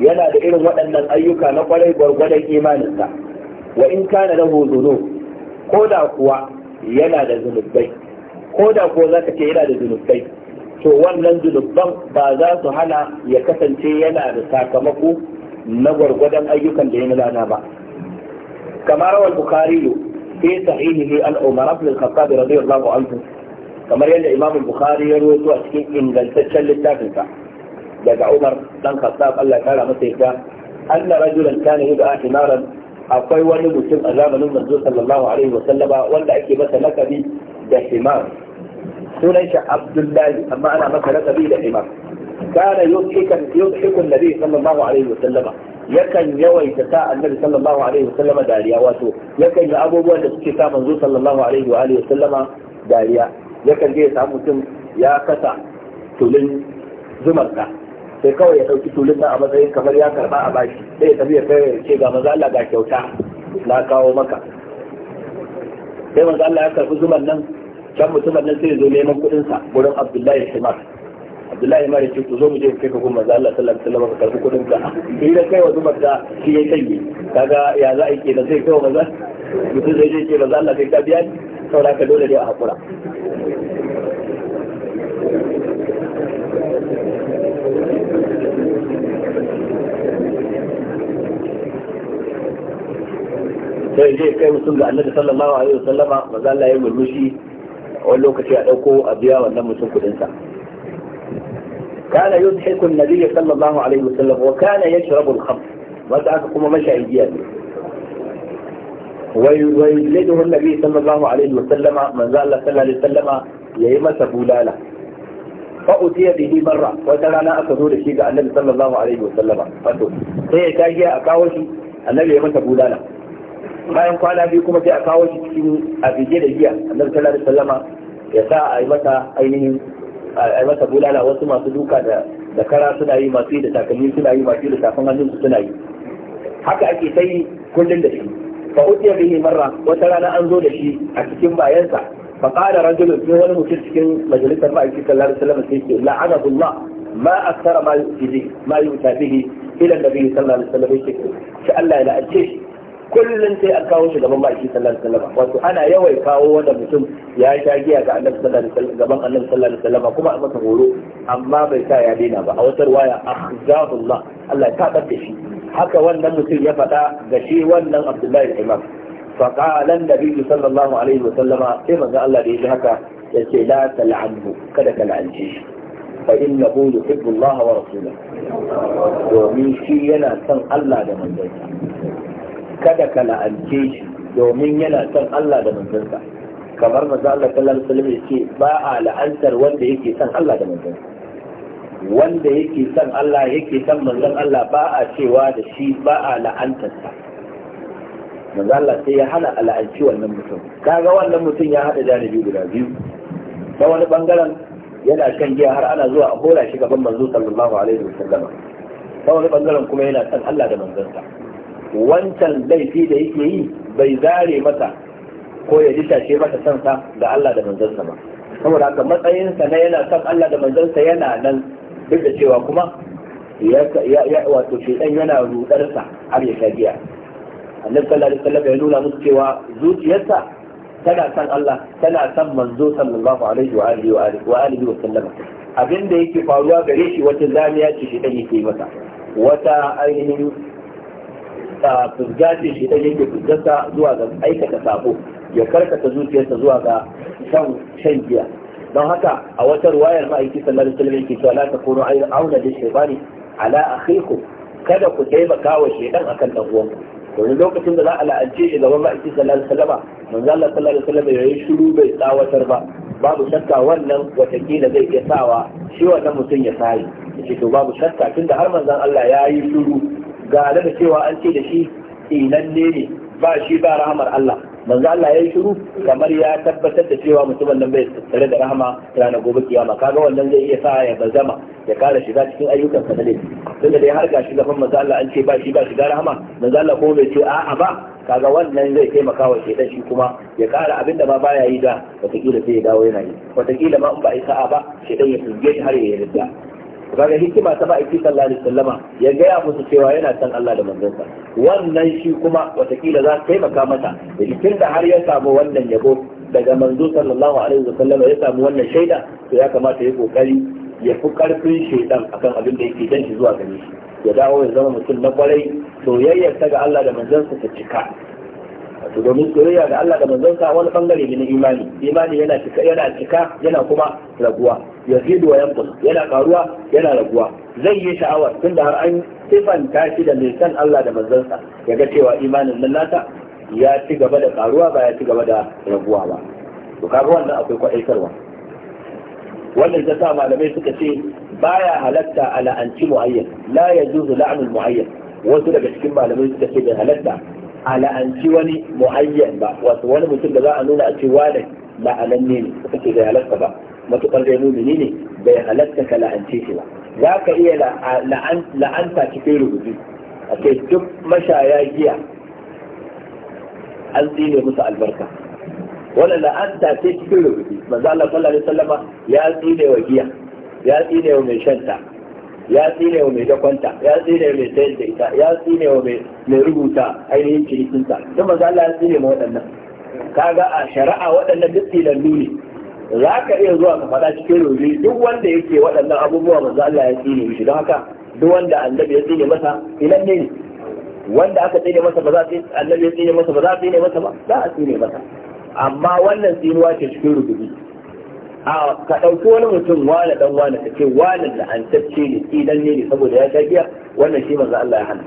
yana da irin waɗannan ayyuka na kwarai gwargwadon imaninsa wa in kana lahu dhunub ko da kuwa yana da zunubai ko da ko za ka ce yana da zunubai to wannan zunuban ba za su hana ya kasance yana da sakamako na gwargwadon ayyukan da ya nuna ba kamar wal bukhari fi sahihihi an umar ibn al-khattab radiyallahu anhu kamar yadda imam bukhari ya rawaito a cikin ingantaccen littafinsa daga umar dan khattab Allah ya kara masa yadda anna rajulan kana yud'a himaran akwai wani mutum a zamanin manzo sallallahu alaihi wa sallama wanda ake masa lakabi da himar sunan shi abdullahi amma ana مثلا lakabi da كان يضحك yakan yawaita sa annabi sallallahu alaihi wasallama dariya yakan yi abubuwan da suke sa manzo sallallahu alaihi wa alihi dariya yakan je ya mutum ya kasa sai kawai ya ɗauki tulun na a matsayin kamar ya karɓa a bashi sai ya tafi ya kai ce ga maza Allah ga kyauta na kawo maka sai maza Allah ya karɓi zuman nan can mutumin nan sai zo neman kuɗin sa gurin Abdullahi Himar Abdullahi Himar ya ce ku zo mu je kai ka goma Allah sallallahu alaihi wasallam ka karbi kuɗin ka sai da kai wa zubar da shi ya kai kaga ya za a yi kenan sai kai wa maza mutum zai je ce maza Allah sai ka biya saboda ka dole ne a hakura sai je kai mutum ga annabi sallallahu alaihi wasallama maza Allah ya murmushi wani lokaci a ɗauko a biya wannan mutum kuɗinsa. Kana yin haikun Nabi ya sallallahu Alaihi wasallam wa kana ya shirabu al-kham wata kuma mashi a ne. Wai laifin Nabi ya sallallahu Alaihi wasallama manzo Allah sallallahu Alaihi wasallama ya yi masa bulala. Fa'uti ya bihi barra wata rana aka zo da shi ga Annabi sallallahu Alaihi wasallama. Wato sai ya tashi a kawo shi Annabi ya masa bulala. bayan kwana biyu kuma sai a kawo shi cikin a bige da giya annabi sallallahu alaihi wasallama ya sa a yi masa ainihin a yi masa bulala wasu masu duka da da kara suna yi masu yi da takalmi suna yi masu yi da tafin hannun su suna yi haka ake sai kullun da shi fa utiya bihi marra wata rana an zo da shi a cikin bayansa fa qala rajulun sai wani mutum cikin majalisar ma'aikatan sallallahu alaihi wasallam sai ce la'anatullah ما أكثر ما يؤتي ما يؤتى به إلى النبي صلى الله عليه وسلم يشكر شاء الله إلى أجيش kullum sai an kawo shi gaban baki sallallahu alaihi wasallam wato ana yawai kawo wanda mutum ya sha giya ga annabi sallallahu alaihi gaban annabi sallallahu alaihi wasallam kuma a masa horo amma bai sa ya daina ba a wata waya akhzahullah Allah ya tabar da shi haka wannan mutum ya faɗa ga shi wannan Abdullahi Imam فقال allah da الله haka وسلم كما قال الله دي هكا يسي لا تلعنه كذا كالعنجيش فإنه يحب الله ورسوله ومن شيء ينا سن الله دمان kada ka la'ance shi domin yana son Allah da manzansa kamar manzo Allah sallallahu alaihi wasallam yace ba a la'antar wanda yake son Allah da manzansa wanda yake son Allah yake son manzon Allah ba a cewa da shi ba a la'antarsa manzo Allah sai ya hana la'anci wannan mutum kaga wannan mutum ya hada janibi guda biyu ta wani bangaren yana kan giya har ana zuwa a hora shi gaban manzo sallallahu alaihi wasallam ta wani bangaren kuma yana son Allah da manzansa wancan laifi da yake yi bai zare masa ko ya disashe masa sansa ga Allah da manzansa ba saboda haka matsayinsa na yana son Allah da manzansa yana nan duk da cewa kuma ya wato shedan yana rudarsa har ya sha giya annabi sallallahu alaihi wasallam ya nuna musu cewa zuciyarsa tana son Allah tana son manzo sallallahu alaihi wa alihi wa alihi wa sallama Abinda yake faruwa gare shi wata zamiya ce shedan yake masa wata ainihin fuzga ce shi dan yake fuzgarsa zuwa ga aikata sako, ya karkata zuciyarsa zuwa ga shan shan giya don haka a wata ruwayar ma'aiki sallallahu alaihi wasallam yake cewa la takunu auna da shaytani ala akhikum kada ku taimaka wa shaytan akan dan uwanku Wani lokacin da za a la'anci shi gaban ma'aiki sallallahu alaihi wasallam manzo Allah sallallahu alaihi wasallam shiru bai tsawatar ba babu shakka wannan watakila zai iya sawa shi wannan mutum ya sai yace to babu shakka tunda har manzon Allah ya yi shiru ga da cewa an ce da shi inanne ne ba shi ba rahamar Allah manzo Allah ya yi shiru kamar ya tabbatar da cewa mutumin nan bai tsare da rahama ranar gobe kiyama kaga wannan zai iya sa ya bazama ya kara shiga cikin ayyukan sa dai tunda dai har ga shugaban manzo Allah an ce ba shi ba shiga rahama manzo Allah ko bai ce a'a ba kaga wannan zai taimaka wa shedan shi kuma ya kara abinda ma baya yi da watakila sai ya dawo yana yi watakila ma in ba isa ba shedan ya fuzge shi har ya yarda kaga hikima ta ma'aiki sallallahu alaihi wasallama ya gaya musu cewa yana san Allah da manzansa wannan shi kuma watakila za su taimaka mata, da da har ya samu wannan yabo daga manzo sallallahu alaihi wasallama ya samu wannan shaida to ya kamata ya kokari ya fi karfin shaidan akan abin da yake dan shi zuwa gare shi ya dawo ya zama mutum na kwarai ta ga Allah da manzonsa ta cika wato domin soyayya da Allah da sa wani bangare ne na imani imani yana cika yana cika yana kuma raguwa yazidu wa yanqus yana karuwa yana raguwa zai yi sha'awar tunda har an sifanta shi da mai san Allah da ya yaga cewa imanin nan nata ya ci gaba da karuwa ba ya ci gaba da raguwa ba to kaga wannan akwai kwaɗaitarwa wannan ta sa malamai suka ce baya halatta a la'anci mu'ayyan la yajuzu la'nul mu'ayyan wasu daga cikin malamai suka ce bai halatta a la'anci wani mu'ayyan ba wato wani mutum da za a nuna a ce wane la'ananne ne ko ce da halatta ba matukar dai ni ne bai halatta ka la'ance shi ba za ka iya la'anta cikin rubutu a ce duk mashaya giya an tsine musu albarka wannan la'anta ce cikin rubutu manzo Allah sallallahu alaihi wasallama ya tsine wa giya ya tsine wa mai shanta ya tsine wa mai dakwanta ya tsine mai sayar da ita ya tsine wa mai rubuta ainihin cinikinsa don maza Allah ya tsine ma waɗannan kaga a shari'a waɗannan duk tilallu ne za ka iya zuwa ka faɗa cikin rubi duk wanda yake waɗannan abubuwa maza Allah ya tsine mishi don haka duk wanda annabi ya tsine masa ilan ne wanda aka tsine masa ba za a annabi ya tsine masa ba za a tsine masa ba za a tsine masa amma wannan tsinuwa ce cikin rubutu a ka ɗauki wani mutum wani ɗan wani ka ce an la'antacce ne idan ne saboda ya sha wannan shi manzo Allah ya hana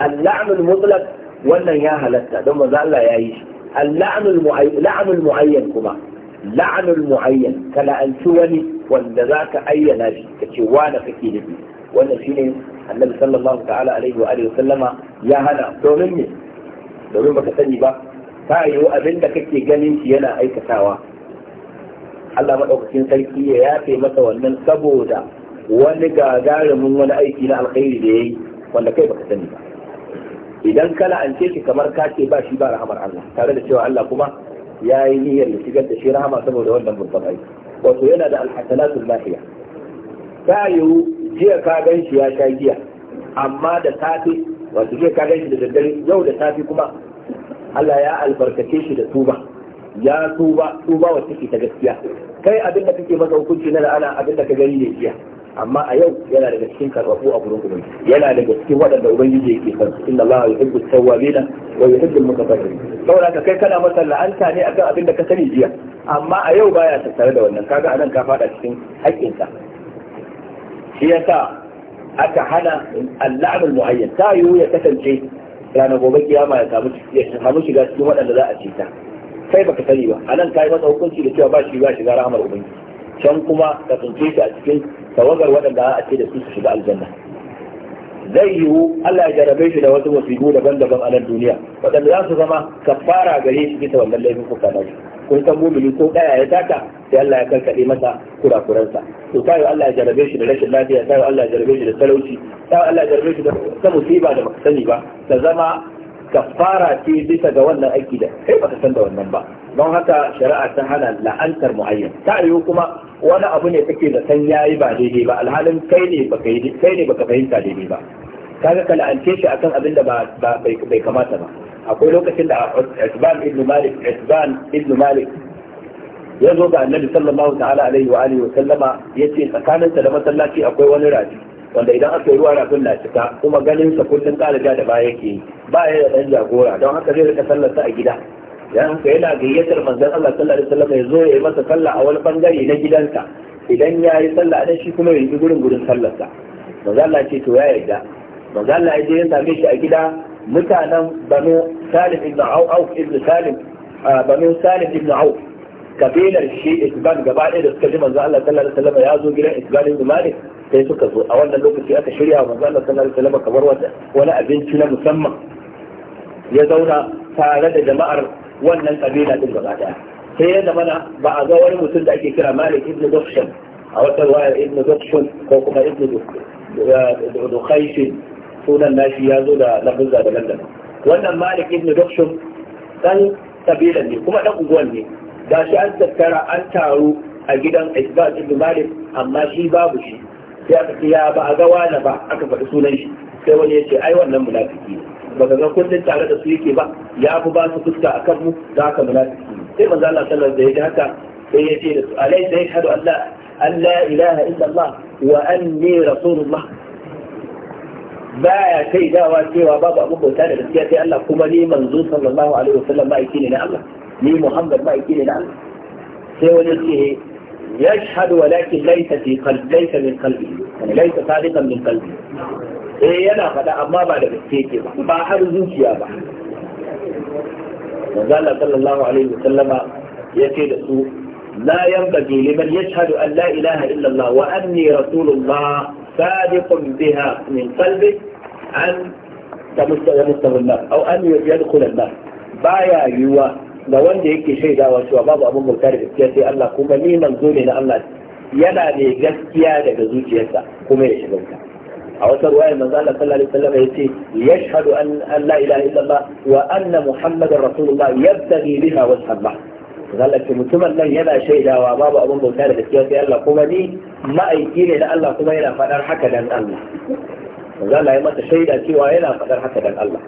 al-la'nul mutlaq wannan ya halatta don manzo Allah ya yi shi al-la'nul mu'ayyan mu'ayyan kuma la'nul mu'ayyan ka la'anci wani wanda zaka ayyana shi ka ce wani kake nufi wannan shine annabi sallallahu ta'ala alaihi wa alihi sallama ya hana domin ne domin baka sani ba ta yiwu abin da kake ganin shi yana aikatawa Allah maɗaukakin sarki ya yafe masa wannan saboda wani gagarumin wani aiki na alkhairi da ya yi wanda kai baka sani ba idan kana an ce shi kamar ka ce ba shi ba rahamar Allah tare da cewa Allah kuma ya yi niyyar ya shigar da shi rahama saboda wannan babban aiki wato yana da alhasanatul lahiya ta yiwu jiya ka gan shi ya sha giya amma da safe wato jiya ka gan shi da daddare yau da safe kuma Allah ya albarkace shi da tuba ya tuba tuba wa ciki ta gaskiya kai abin da kake masa hukunci na la'ana abin da ka gani ne jiya amma a yau yana daga cikin karbabu a gurin gurin yana daga cikin waɗanda ubangiji yake kan su inna allaha yuhibbu tawwabina wa yuhibbu al-mutatahhirin saboda ka kai kana masa la'anta ne akan abin da ka sani jiya amma a yau baya tattare da wannan kaga anan ka fada cikin haƙƙinsa shi yasa aka hana al-la'ab al-mu'ayyan ta yiwu ya kasance ranar gobe kiyama ya samu shiga cikin waɗanda za a ta. kai baka sani ba anan kai masa hukunci da cewa ba shi ba shiga rahmar ubangiji can kuma ka tsince shi a cikin tawagar waɗanda a ce da su su shiga aljanna zai yiwu Allah ya jarabe shi da wasu wasiƙu daban-daban a nan duniya waɗanda za su zama kafara gare shi bisa wannan laifin kuka na shi kun san mumini ko ɗaya ya taka sai Allah ya karkaɗe masa kurakuransa to tayo Allah ya jarabe shi da rashin lafiya tayo Allah ya jarabe shi da talauci tayo Allah ya jarabe shi da ta musiba da baka sani ba ta zama kafara ce bisa ga wannan aiki da kai baka san da wannan ba don haka shari'a ta hana la'antar mu'ayyan ta yiwu kuma wani abu ne kake da san yayi ba daidai ba alhalin kai ne baka yi kai ne baka fahimta daidai ba kaga ka la'ance shi akan abin da bai kamata ba akwai lokacin da Isban ibn Malik Isban ibn Malik ya zo ga Annabi sallallahu ta'ala alaihi wa alihi wa sallama yace tsakaninsa da masallaci akwai wani rafi wanda idan aka yi ruwa rafin na cika kuma ganin sa kullum ƙara da baya yake ba ya da ɗan jagora don haka zai rika sallarsa a gida dan haka yana gayyatar manzon Allah sallallahu alaihi wasallam ya zo ya yi masa sallah a wani bangare na gidansa idan ya yi sallah a shi kuma ya yi gurin gurin sallarsa manzon Allah ce to ya yarda manzon Allah ya je ya same shi a gida mutanen banu Salim ibn Auf ibn Salim banu Salim ibn Auf kabilar shi Isban gaba ɗaya da suka ji manzon Allah sallallahu alaihi wasallam ya zo gidan Isban ibn Malik sai suka zo a wannan lokaci aka shirya wa manzo Allah sallallahu alaihi wasallam kamar wata wani abinci na musamman ya zauna tare da jama'ar wannan kabila din gaba daya sai ya mana ba a ga wani mutum da ake kira Malik ibn Dukhshan a wata waya ibn Dukhshan ko kuma ibn Dukhayshin eh, sunan nashi ya zo da lafuzza da nan. wannan Malik ibn Dukhshan dan kabilan ne kuma dan unguwan ne gashi an tattara an taru a gidan Isbad ibn Malik amma shi babu shi sai aka ya ba a ga wani ba aka faɗi sunan shi sai wani ya ce ai wannan munafiki ne ba ga kullun tare da su yake ba ya fi ba su fuska a kanmu za ka munafiki sai manzo Allah sallallahu alaihi wasallam haka sai ya ce da su alai sai hadu Allah an la ilaha illa Allah wa anni rasulullah ya kai dawa cewa babu abu bauta da gaskiya sai Allah kuma ni manzo sallallahu alaihi wasallam ma'aiki ne na Allah ni Muhammad ma'aiki ne na Allah sai wani ce يشهد ولكن ليس في قلب ليس من قلبه يعني ليس صادقا من قلبه ايه يلا فدا ما بعد بسيك با حد زوجيا با وقال صلى الله عليه وسلم يتي دسو لا ينبغي لمن يشهد ان لا اله الا الله واني رسول الله صادق بها من قلبه ان يمسه النار او ان يدخل النار بايا يوا da wanda yake shaidawa cewa babu abin bauta da gaskiya sai Allah kuma ni manzo ne na Allah yana da gaskiya daga zuciyarsa kuma ya shiga wuta a wata ruwaya manzo Allah sallallahu alaihi wasallam yace yashhadu an an la ilaha illallah wa anna muhammadar rasulullah yabtaghi biha wajha Allah mutumin nan yana shaidawa babu abin bauta da gaskiya sai Allah kuma ni ma'aiki ne na Allah kuma yana faɗar haka dan Allah manzo Allah ya mata shaida cewa yana faɗar haka dan Allah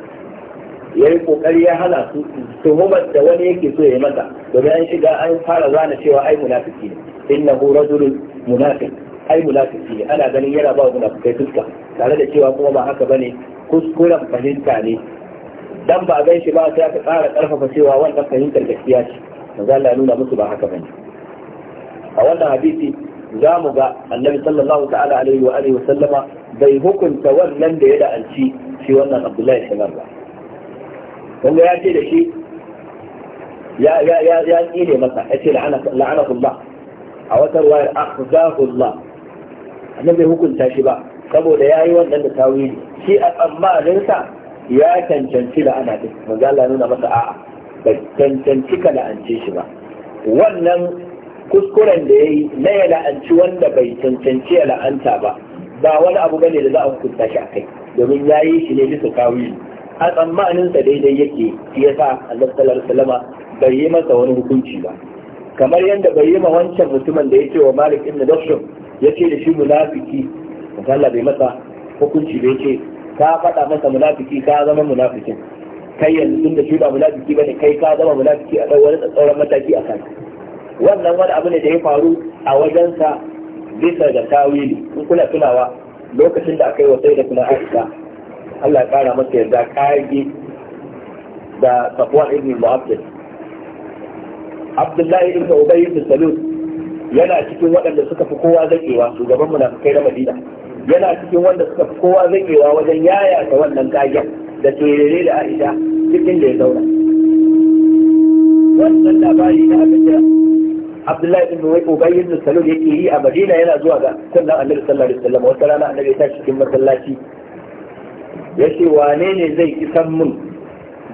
ya yi kokari ya hana su tuhumar da wani yake so ya mata domin an shiga an fara zana cewa ai munafiki ne innahu rajulun munafiq ai munafiki ne ana ganin yana ba munafikai fuska tare da cewa kuma ba haka bane kuskuren fahimta ne dan ba gan shi ba sai aka tsara karfafa cewa wannan fahimtar gaskiya ce manzo Allah ya nuna musu ba haka bane a wannan hadisi za mu ga annabi sallallahu ta'ala alaihi wa alihi wa sallama bai hukunta wannan da ya da'anci shi wannan Abdullahi sallallahu kun ya ce da shi ya ya tsine masa ya ce la'anatullah a wata ruwayar akhzahullah annabi bai hukunta shi ba saboda yayi wannan da tawili shi a tsammanin sa ya cancanci la'ana din manzo Allah nuna masa a'a ba cancanci ka la'ance shi ba wannan kuskuren da yayi na ya la'anci wanda bai cancanci ya la'anta ba ba wani abu bane da za a hukunta shi akai domin yayi shi ne bisa tawili a tsammaninsa daidai yake ya sa, Allah sallallahu alaihi wasallam bai yi masa wani hukunci ba kamar yadda bai yi ma wancan mutumin da yake wa Malik ibn ya ce da shi munafiki Allah bai masa hukunci da ce, ka faɗa masa munafiki ka zama munafikin kai yanzu tun da shi ba munafiki bane kai ka zama munafiki a wani tsauran mataki a kan wannan wani abu ne da ya faru a wajensa bisa ga tawili in kuna tunawa lokacin da aka yi sai da kuma aisha Allah ya kara masa yarda kage da Safwan ibn Mu'abbad Abdullahi ibn Ubay ibn Salul yana cikin waɗanda suka fi kowa zakewa shugaban munafikai na Madina yana cikin wanda suka fi kowa zakewa wajen yaya ta wannan kagen da terere da Aisha cikin da ya zauna wannan labari da aka kira Abdullahi ibn Ubay ibn Salul yake yi a Madina yana zuwa ga sallan Annabi sallallahu alaihi wasallam wata rana Annabi ya tashi cikin masallaci yace wane ne zai isan mun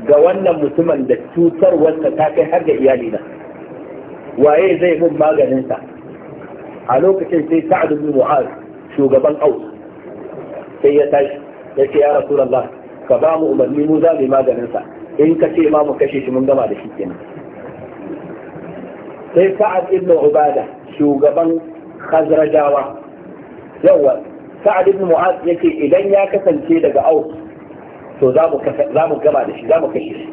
ga wannan mutumin da cutar wanda ta kai har da na waye zai mun maganin sa a lokacin sai sa'ad ibn mu'az shugaban aus sai ya tashi yace ya rasulullah ka ba mu umarni mu za mu maganin sa in ka ce ma mu kashe shi mun gama da shi kenan sai sa'ad ibn ubada shugaban khazrajawa yawa sa'ad ibn mu'az yake idan ya kasance daga au to za mu gaba da shi za mu kashe shi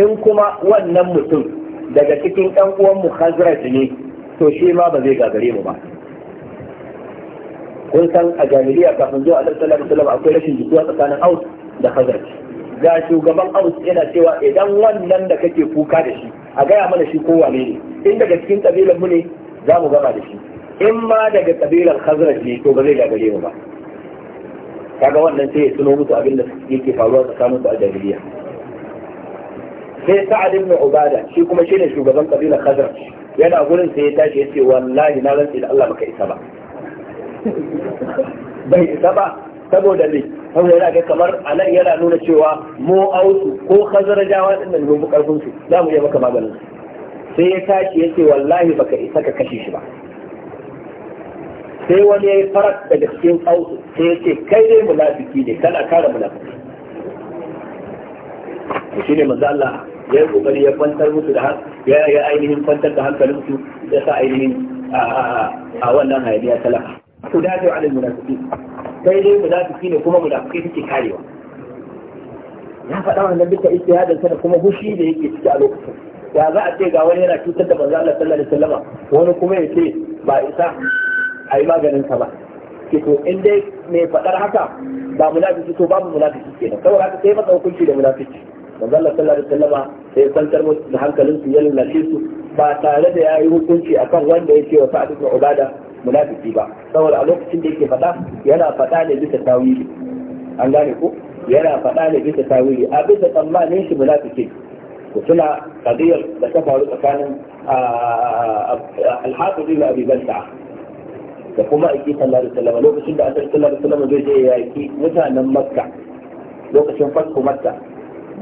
in kuma wannan mutum daga cikin ɗan uwan mu khazraj ne to shi ma ba zai gagare mu ba kun san a jamiliya kafin zuwa Allah sallallahu alaihi akwai rashin jituwa tsakanin aus da khazraj ga shugaban aus yana cewa idan wannan da kake kuka da shi a gaya mana shi kowa ne in daga cikin ƙabilar mu ne za mu gaba da shi in ma daga kabilan khazraj ne to ba zai gagare mu ba kaga wannan sai ya tuno musu abin da yake faruwa tsakanin su a jahiliya sai sa'ad ibn ubada shi kuma shine shugaban kabilar khazraj yana gurin sai ya tashi yace wallahi na rantsi da Allah baka isa ba (laughs) bai isa ba saboda ne saboda yana ga kamar anan yana nuna cewa mu ausu ko khazrajawa din nan mun karfin su za mu iya maka maganin sai ya tashi yace wallahi baka isa ka kashe shi ba sai wani ya yi farat daga cikin kausu sai ya ce kai dai munafiki ne kana kare munafiki shi shine manzo Allah ya yi kokari ya kwantar musu da ya ya ainihin kwantar da hankalin su ya sa ainihin a wannan hayaniya talaka ku dace wa alal munafiki kai dai munafiki ne kuma munafiki suke karewa ya faɗa wannan duka ijtihadin sa da kuma gushi da yake ciki a lokacin ya za a ce ga wani yana cutar da manzo Allah sallallahu alaihi wasallam wani kuma ya ce ba isa a yi maganin ka ba ke to in dai me faɗar haka ba munafiki to babu munafiki kenan kawai haka sai masa hukunci da munafiki manzo Allah sallallahu alaihi wasallama sai kwantar musu da hankalin su yalla su ba tare da yayi hukunci akan wanda yake wa sa'ad ibn ubada munafiki ba saboda a lokacin da yake faɗa yana faɗa ne bisa tawili an gane ku, yana faɗa ne bisa tawili a bisa tsammanin shi munafiki ku tuna kadiyar da ta faru tsakanin al-hafiz ibn abi da kuma aiki sallallahu alaihi wasallam lokacin da aka sallallahu alaihi wasallam zai je yaki mutanen makka lokacin fatku makka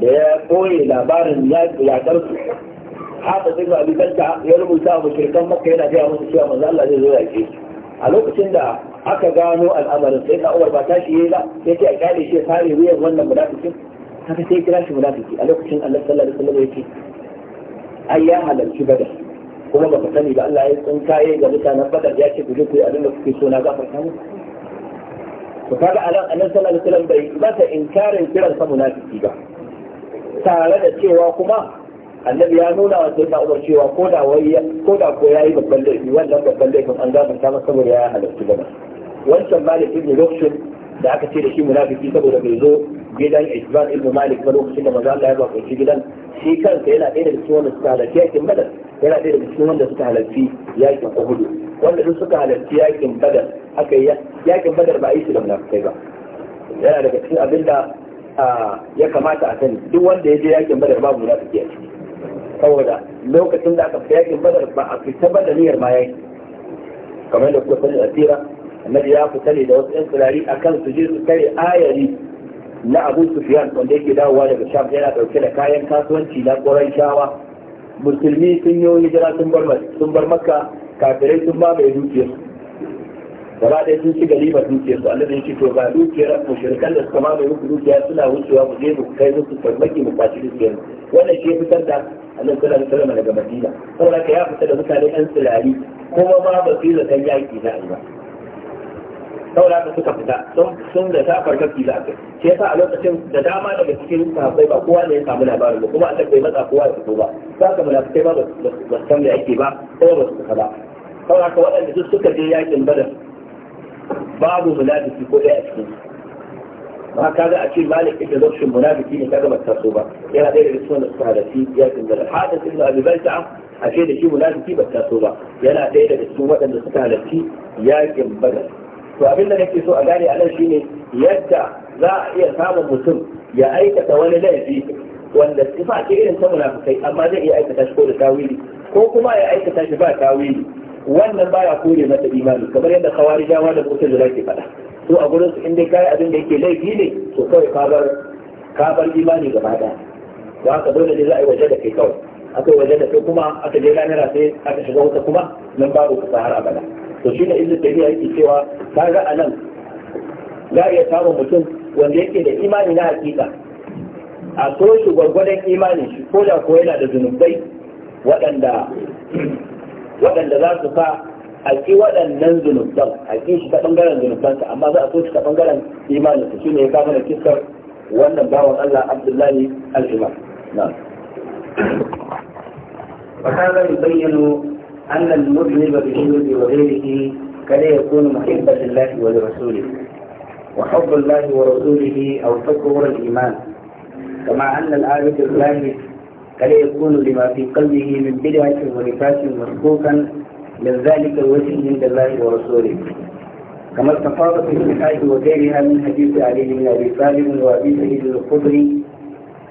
da ya koye labarin yakar su haka zai ga abin kanta ya rubuta a mushrikan makka yana gaya musu cewa manzo Allah zai zo ya yaki a lokacin da aka gano al'amarin sai na uwar ba ta shi ba sai ta kare kyale shi fare wuyan wannan munafikin haka sai kira shi munafiki a lokacin Allah sallallahu alaihi wasallam yake ai ya halarci badar kuma ba ka sani ba Allah ya tsinka ya ga mutanen badar ya ce ku je ku yi abin da kuke so na gafarta muku to kaga anan annabi sallallahu alaihi wasallam bai masa inkarin kiran sa munafiki ba tare da cewa kuma annabi ya nuna wa sai Umar cewa ko da wai ko da ko yayi babban laifi wannan babban laifin an ta masa saboda ya halarci gaba wancan Malik ibn Rushd da aka ce da shi munafiki saboda bai zo gidan Isban ibn Malik ba lokacin da manzo Allah ya ba shi gidan shi kansa yana ɗaya daga cikin wanda suka halarci yakin yana ɗaya daga cikin wanda suka halarci yakin uhudu wanda duk suka halarci yakin badar aka yi yakin badar ba a yi shi da munafikai ba yana daga cikin abin da ya kamata a sani duk wanda ya je yakin badar babu munafiki a ciki saboda lokacin da aka fita yakin badar ba a fita ba da niyyar ma yaki kamar da kuka sani asira annabi ya fita ne da wasu yan tsirari kan su je su kare ayari na abu sufiyan wanda yake dawowa daga sham yana dauke da kayan kasuwanci na ƙoran shawa musulmi sun yi jira sun bar makka kafirai sun ba mai da ba da sun ci gari ba dukiyar su Allah zai ci to ba dukiyar mushrikan da suka ma mai muku dukiya suna wucewa mu je mu kai musu farmaki mu kwaci dukiyar wannan shi fitar da Allah sallallahu alaihi wasallam daga Madina saboda ka ya fita da mutane ɗan tsirari kuma ma ba su yi zaton yaƙi na allah saboda haka suka fita sun da ta farkaki za a kai shi yasa a lokacin da dama daga cikin sahabbai ba kowa ne ya samu labarin ba kuma Allah bai matsa kowa ya fito ba za ka munafikai ba ba san me ake ba ko ba su fita ba saboda haka waɗanda duk suka je yakin badar babu munafiki ko ɗaya a cikin ma kaga a ce malik ibn zakshin munafiki ne kaga ba taso ba yana ɗaya daga cikin suka halarci yakin badar hadis ibn abi balta'a a ce da shi munafiki ba taso ba yana ɗaya daga cikin waɗanda suka halarci yakin badar to abin da nake so a gane a nan shine yadda za a iya samun mutum ya aikata wani laifi wanda sifa ce irin ta munafikai amma zai iya aikata shi ko da tawili ko kuma ya aikata shi ba tawili wannan baya kore masa imani kamar yadda khawarijawa da da ke faɗa to a gurin su in dai kai abin da yake laifi ne to kawai ka imani gaba ɗaya don haka dole ne za a yi waje da kai kawai aka wajen da kuma aka je ranar lahira sai aka shiga wuta kuma nan babu kusa har abada to shi da ibnu tabiya yake cewa a nan za iya samun mutum wanda yake da imani na hakika a so shi gwargwadon imanin shi ko da ko yana da zunubai waɗanda waɗanda za su sa a ƙi waɗannan zunubban, a ƙi shi ta ɓangaren zunubansa amma za a so shi ta ɓangaren imanin shi ne ya kama da kiskar wannan bawan Allah Abdullahi Al-Imam. Na'am. وهذا يبين أن المذنب بالشرك وغيره كلا يكون محبا لله ولرسوله وحب الله ورسوله أو تكبر الإيمان كما أن العابد الثالث كلا يكون لما في قلبه من بدعة ونفاس مسبوقا من ذلك الوجه عند الله ورسوله كما استفاضت في الحاج وغيرها من حديث علي بن أبي طالب وأبي سعيد الخدري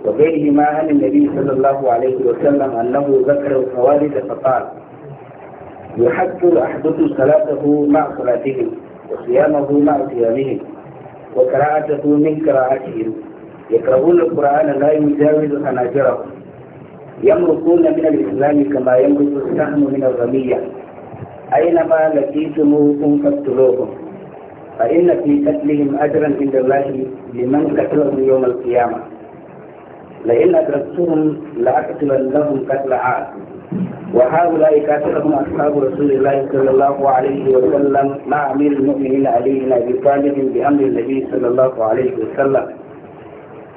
وغيرهما عن النبي صلى الله عليه وسلم أنه ذكر الحوادث فقال يحج أحدث صلاته مع صلاتهم وصيامه مع صيامهم وقراءته من قراءتهم يكرهون القرآن لا يجاوز حناجرهم يمرقون من الإسلام كما يمرق السهم من الرمية أينما لقيتموهم فاقتلوهم فإن في قتلهم أجرا عند الله لمن قتلهم يوم القيامة لئن أدركتهم لأقتلنهم قتل عاد وهؤلاء كاتبهم أصحاب رسول الله صلى الله عليه وسلم مع أمير المؤمنين علي بن أبي طالب بأمر النبي صلى الله عليه وسلم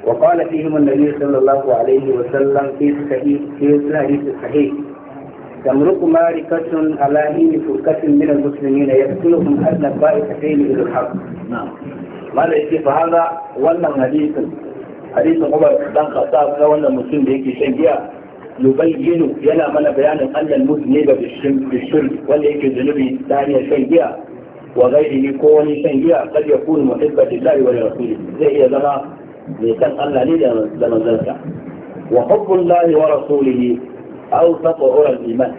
وقال فيهم النبي صلى الله عليه وسلم في الصحيح في الحديث الصحيح تمرق ماركة على حين فرقة من المسلمين يقتلهم أدنى الطائفتين إلى الحق. نعم. ماذا فهذا ولا حديث hadisin Umar dan Khattab na wannan mutum da yake shan giya yubayyinu yana mana bayanin annal muzni da bishir wanda yake zunubi ta hanyar shan giya wa ghairihi ko wani shan giya kad yakunu muhibban lillahi wa rasulihi zai iya zama mai san Allah ne da manzansa wa hubbullahi wa rasulihi aw tatawur al-iman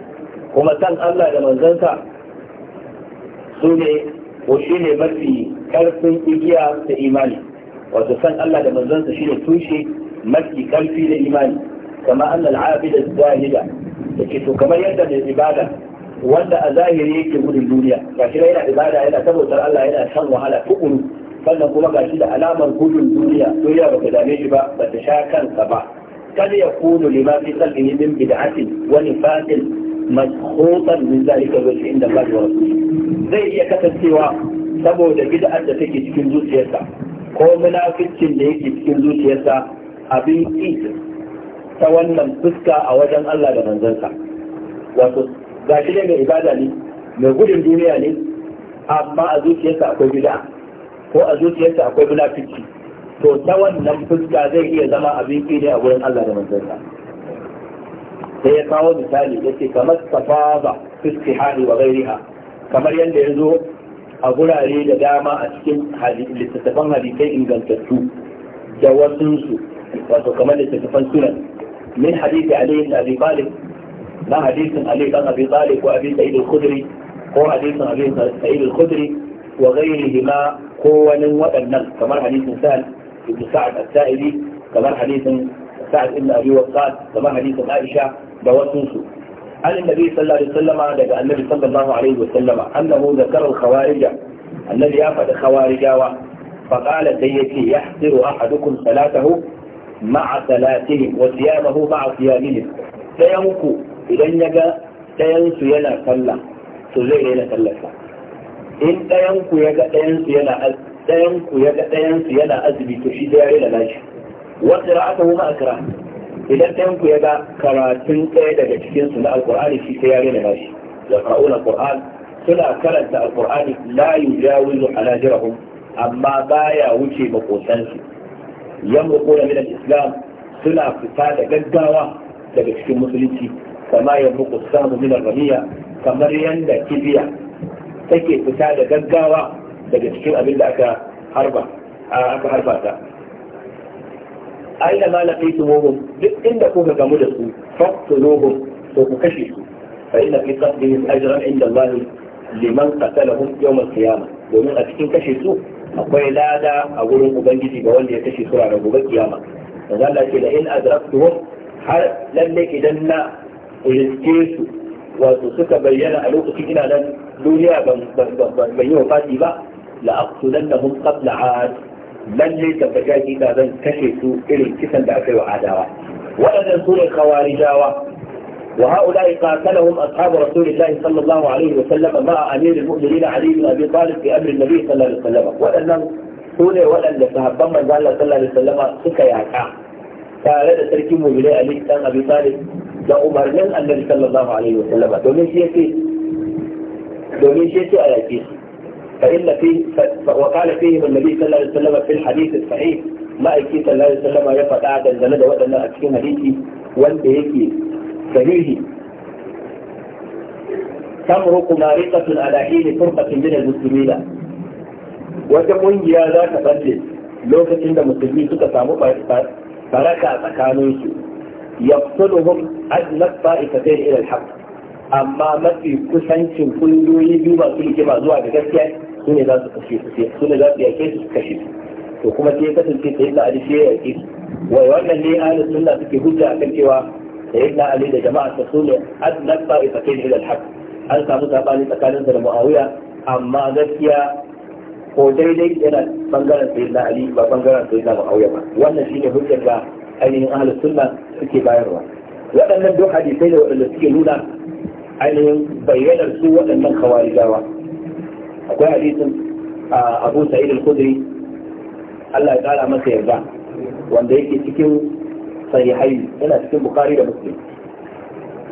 kuma san Allah da manzansa sune ko shine mafi karfin igiya ta imani wato san Allah da manzansa shine tushe mafi karfi da imani kama annal abida zahida yake to kamar yadda mai ibada wanda a zahiri yake gudun duniya gashi yana ibada yana saboda Allah yana san wahala tukuru sannan kuma gashi da alamar gudun duniya duniya ba dame shi ba bata sha kansa ba kada ya kunu lima fi qalbihi min bid'atin wa nifaqin mashutan min zalika wa inda Allah wa zai iya kasancewa saboda bid'ar da take cikin zuciyarsa ko munaficcin da yake cikin zuciyarsa abin ki ta wannan fuska a wajen Allah da manzansa wato gashi ne mai ibada ne mai gudun duniya ne amma a zuciyarsa akwai bid'a ko a zuciyarsa akwai munafici to ta wannan fuska zai iya zama abin ki ne a wurin Allah da manzansa sai ya kawo misali yace kamar safaba fiskihani wa ghairiha kamar yadda ya zo a gurare da dama a cikin littattafan hadisai ingantattu da wasunsu wato kamar littattafan sunan min hadisi ali ibn abi talib na hadisin ali dan abi talib ko abi sa'id al-khudri ko hadisin abi sa'id al-khudri wa ghayrihima ko wani waɗannan kamar hadisin sa'ad ibn sa'ad as-sa'idi kamar hadisin sa'ad ibn abi waqqas kamar hadisin aisha da wasunsu عن النبي صلى الله عليه وسلم daga annabi sallallahu alaihi wasallama annahu zakara al-khawarij annabi ya fada khawarijawa fa qala sai yake yahsiru ahadukum salatahu ma'a salatihi wa siyamahu ma'a siyamihi sai yanku idan yaga ɗayansu yana salla to zai rena sallarsa in dayan ku yaga dayan su yana dayan ku yaga dayan su yana azbi to shi da idan ɗayan ku ya ga karatun ɗaya daga cikinsu na alkur'ani shi sai ya rena bashi yaqra'una alqur'an suna karanta ya la yujawizu hanajirahum amma baya wuce makosansu yamruquna min islam suna fita da gaggawa daga cikin musulunci kama yamruqu samu min al-ramiya kamar yanda kibiya take fita da gaggawa daga cikin abin da aka harba aka harba ta aina ma laqitumuhum duk inda kuka gamu da su faqtuluhum to ku kashe su fa inna fi qatlihim ajran inda Allah liman qatalahum yawm al-qiyamah domin a cikin kashe su akwai lada a gurin ubangiji ga wanda ya kashe su a gobe kiyama dan Allah ce la in adraktuhum har lalle idan na riske su wato suka bayyana a lokacin ina nan duniya ban yi wa fadi ba la aqtulannahum qabla 'ad lalle da ta gaji da zan kashe su irin kisan da aka wa adawa waɗannan su ne kawarijawa wa haula qatalahum ashabu rasulillahi sallallahu alaihi wa sallam ma amirul mu'minin ali ibn abi talib fi amri nabi sallallahu alaihi wa sallam waɗannan su waɗanda sahabban manzo Allah sallallahu suka yaka tare da Sarkin mu'minin ali dan abi talib da umarnin annabi sallallahu alaihi wa sallam domin shi yake a yaki فإن فيه ف... وقال فيهم النبي صلى الله عليه وسلم في الحديث الصحيح ما أكيد صلى الله عليه وسلم يفعل أعدى الزلد وأدنى أكيد حديثي وانده يكي سهيه تمرق مارقة على حين فرقة من المسلمين وتقول يا ذاك بلد لو كنت مسلمين تتسامو فركع تكانوش يقتلهم أدنى الطائفتين إلى الحق amma mafi kusancin kungiyoyi biyu masu hikima zuwa ga gaskiya su ne za su kashe su su ne za su yake su kashe su to kuma sai kasance sai da ali sai yake su wai wannan ne ahli sunna suke hujja akan cewa sayyidina ali da jama'a ta sunne adnan ta'ifatain ila al-haq an samu sabani tsakanin da muawiya amma gaskiya ko daidai yana bangaren sai sayyidina ali ba bangaren sai sayyidina muawiya ba wannan shine hujjar da ainihin ahli sunna suke bayarwa waɗannan duk hadisai da waɗanda suke nuna ainihin bayyanar su waɗannan kawarijawa akwai hadisin abu sa'id al-khudri Allah ya kara masa yarda wanda yake cikin sahihai yana cikin bukhari da muslim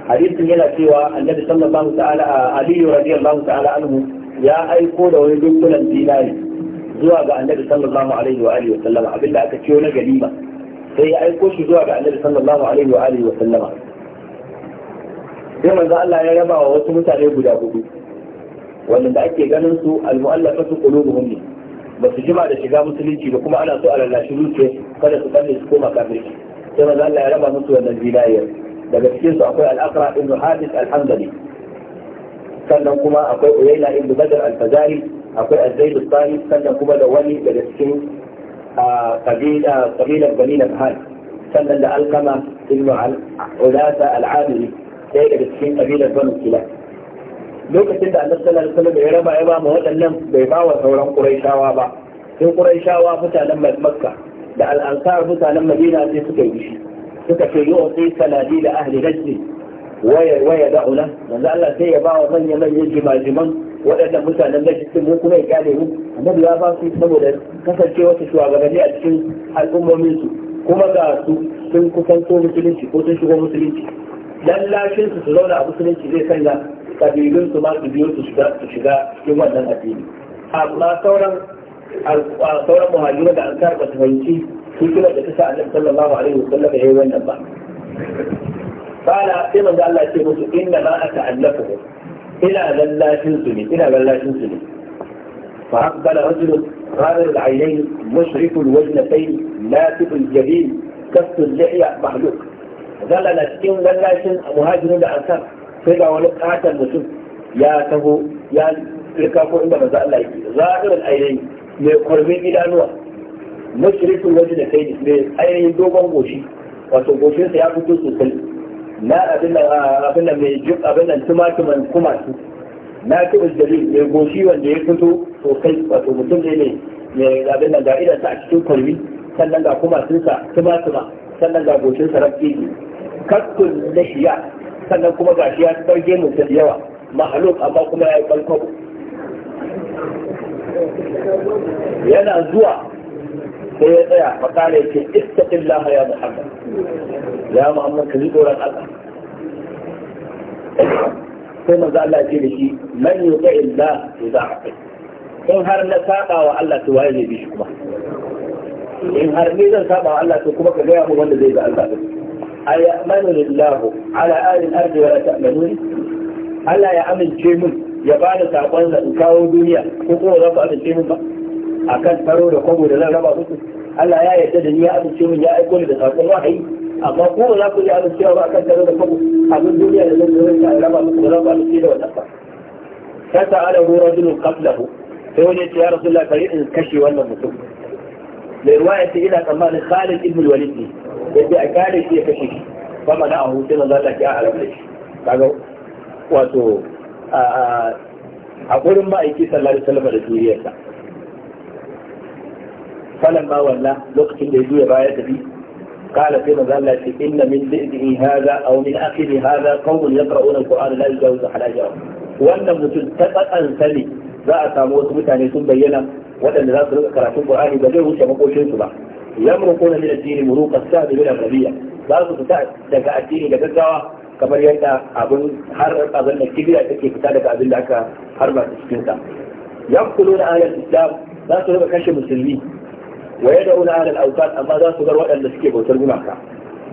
hadisin yana cewa annabi sallallahu ta'ala aliyu radiyallahu ta'ala anhu ya aiko da wani dunkulan dinari zuwa ga annabi sallallahu alaihi wa alihi wa sallama abinda aka ciyo na galima sai ya aiko shi zuwa ga annabi sallallahu alaihi wa alihi wa sallama sai manzo Allah ya raba wa wasu mutane guda hudu wanda ake ganin su almu'allafatu qulubuhum ne ba su jima da shiga musulunci ba kuma ana so a lallashi zuciya kada su kalle su koma kafirci sai manzo Allah ya raba musu wannan zinayar daga cikin su akwai al-aqra ibn hadith al-hamdali sannan kuma akwai uyayna ibn badr al-fazari akwai az-zaid al-thani sannan kuma da wani daga cikin qabila qabilar bani nabhal sannan da alqama ibn al-ulasa al-amili sai daga cikin qabilar banu kilab lokacin da Allah sallallahu alaihi ya raba ya ba ma waɗannan bai ba wa sauran quraishawa ba sai quraishawa mutanen makka da al-ansar mutanen madina sai suka yi shi suka ce yau sai saladi da ahli Najd waya waya da ula manzo Allah sai ya ba wa manyan manyan jimajiman waɗannan mutanen da sun mu kuma ya kare mu annabi ya ba su saboda kasancewa su shugabanni a cikin al'ummomin su kuma ga su sun kusanto musulunci ko sun shigo musulunci lallashin su su zauna a musulunci zai sanya kabilun su ma su biyo su shiga su shiga cikin wannan addini amma sauran sauran muhajiru da ansar ba su fahimci hikimar da ta sa annabi sallallahu alaihi wasallam ya yi wannan ba bala sai manzo Allah ya ce musu inna ma ata'allafu ina lallashin su ne ina lallashin su ne فأقبل رجل غارر العينين مشرف الوجنتين ناتف الجبين كف اللحية محلوق zalla na cikin lallashin muhajirin da ansar sai ga wani katar mutum ya taho ya rika ko inda manzo Allah yake zahirin ainihi mai kwarmin idanuwa mushrikin wajen da kai ne ainihin dogon goshi wato sa ya fito sosai na abin nan mai juk abin nan tumatuman su na tubus dalil mai goshi wanda ya fito sosai wato mutum ne mai abin nan ga idan sa a cikin kwalmi sannan ga kumatunsa tumatuma sannan ga goshin sarrafi ne kakkun na shiya sannan kuma ga shiya ya ɗauke mu da yawa mahaluk amma kuma ya yi ɓalkwabo yana zuwa sai ya tsaya makala ya ce illaha ya muhammad ya muhammad ka ji tsoron Allah sai maza Allah ce da shi man za a kai sun har na saɓa wa Allah ta waye zai bi shi kuma in har ni zan saba Allah to kuma ka gaya mu wanda zai ga Allah ayamanu lillahu ala alil ardi wa la ta'manun Allah ya amince mun ya bada da sakon da kawo duniya ko kuma za ku amince mun ba akan taro da kwabo da zan raba muku Allah ya yarda da ni ya amince mun ya aiko ni da sakon wahayi amma ko za ku ji amincewa ba akan taro da kwabo abin duniya da zan zo ya raba muku ba za ku amince da wannan ba fasa alahu rajulun qablahu sai wani ya ce ya rasulullah bari in kashe wannan mutum mai ruwa ya ce ina tsammanin khalid ibn walid ne yadda a kare shi ya kashe shi ba ma na ahu sai manzo Allah ya halaka shi kaga wato a gurin ma'aiki sallallahu alaihi wasallam da duniyarsa falan ma walla lokacin da ya juya baya tafi قال في haza إن من ذئبه هذا أو من أخيه هذا قوم يقرؤون القرآن لا Wannan mutum ta متلتقى sani. za a samu wasu mutane sun bayyana waɗanda za su rika karatun qur'ani ba zai wuce makoshin su ba yamruquna min ad-din muruqa sa'd min al-rabiya za su fita daga addini da gaggawa kamar yadda abin har abin da kibiya take fita daga abin da aka harba cikin sa yankuluna ahlul islam za su rika kashe musulmi ويدعون أهل الأوثان أما ذات ذر وأن لسكي بوتر جمعك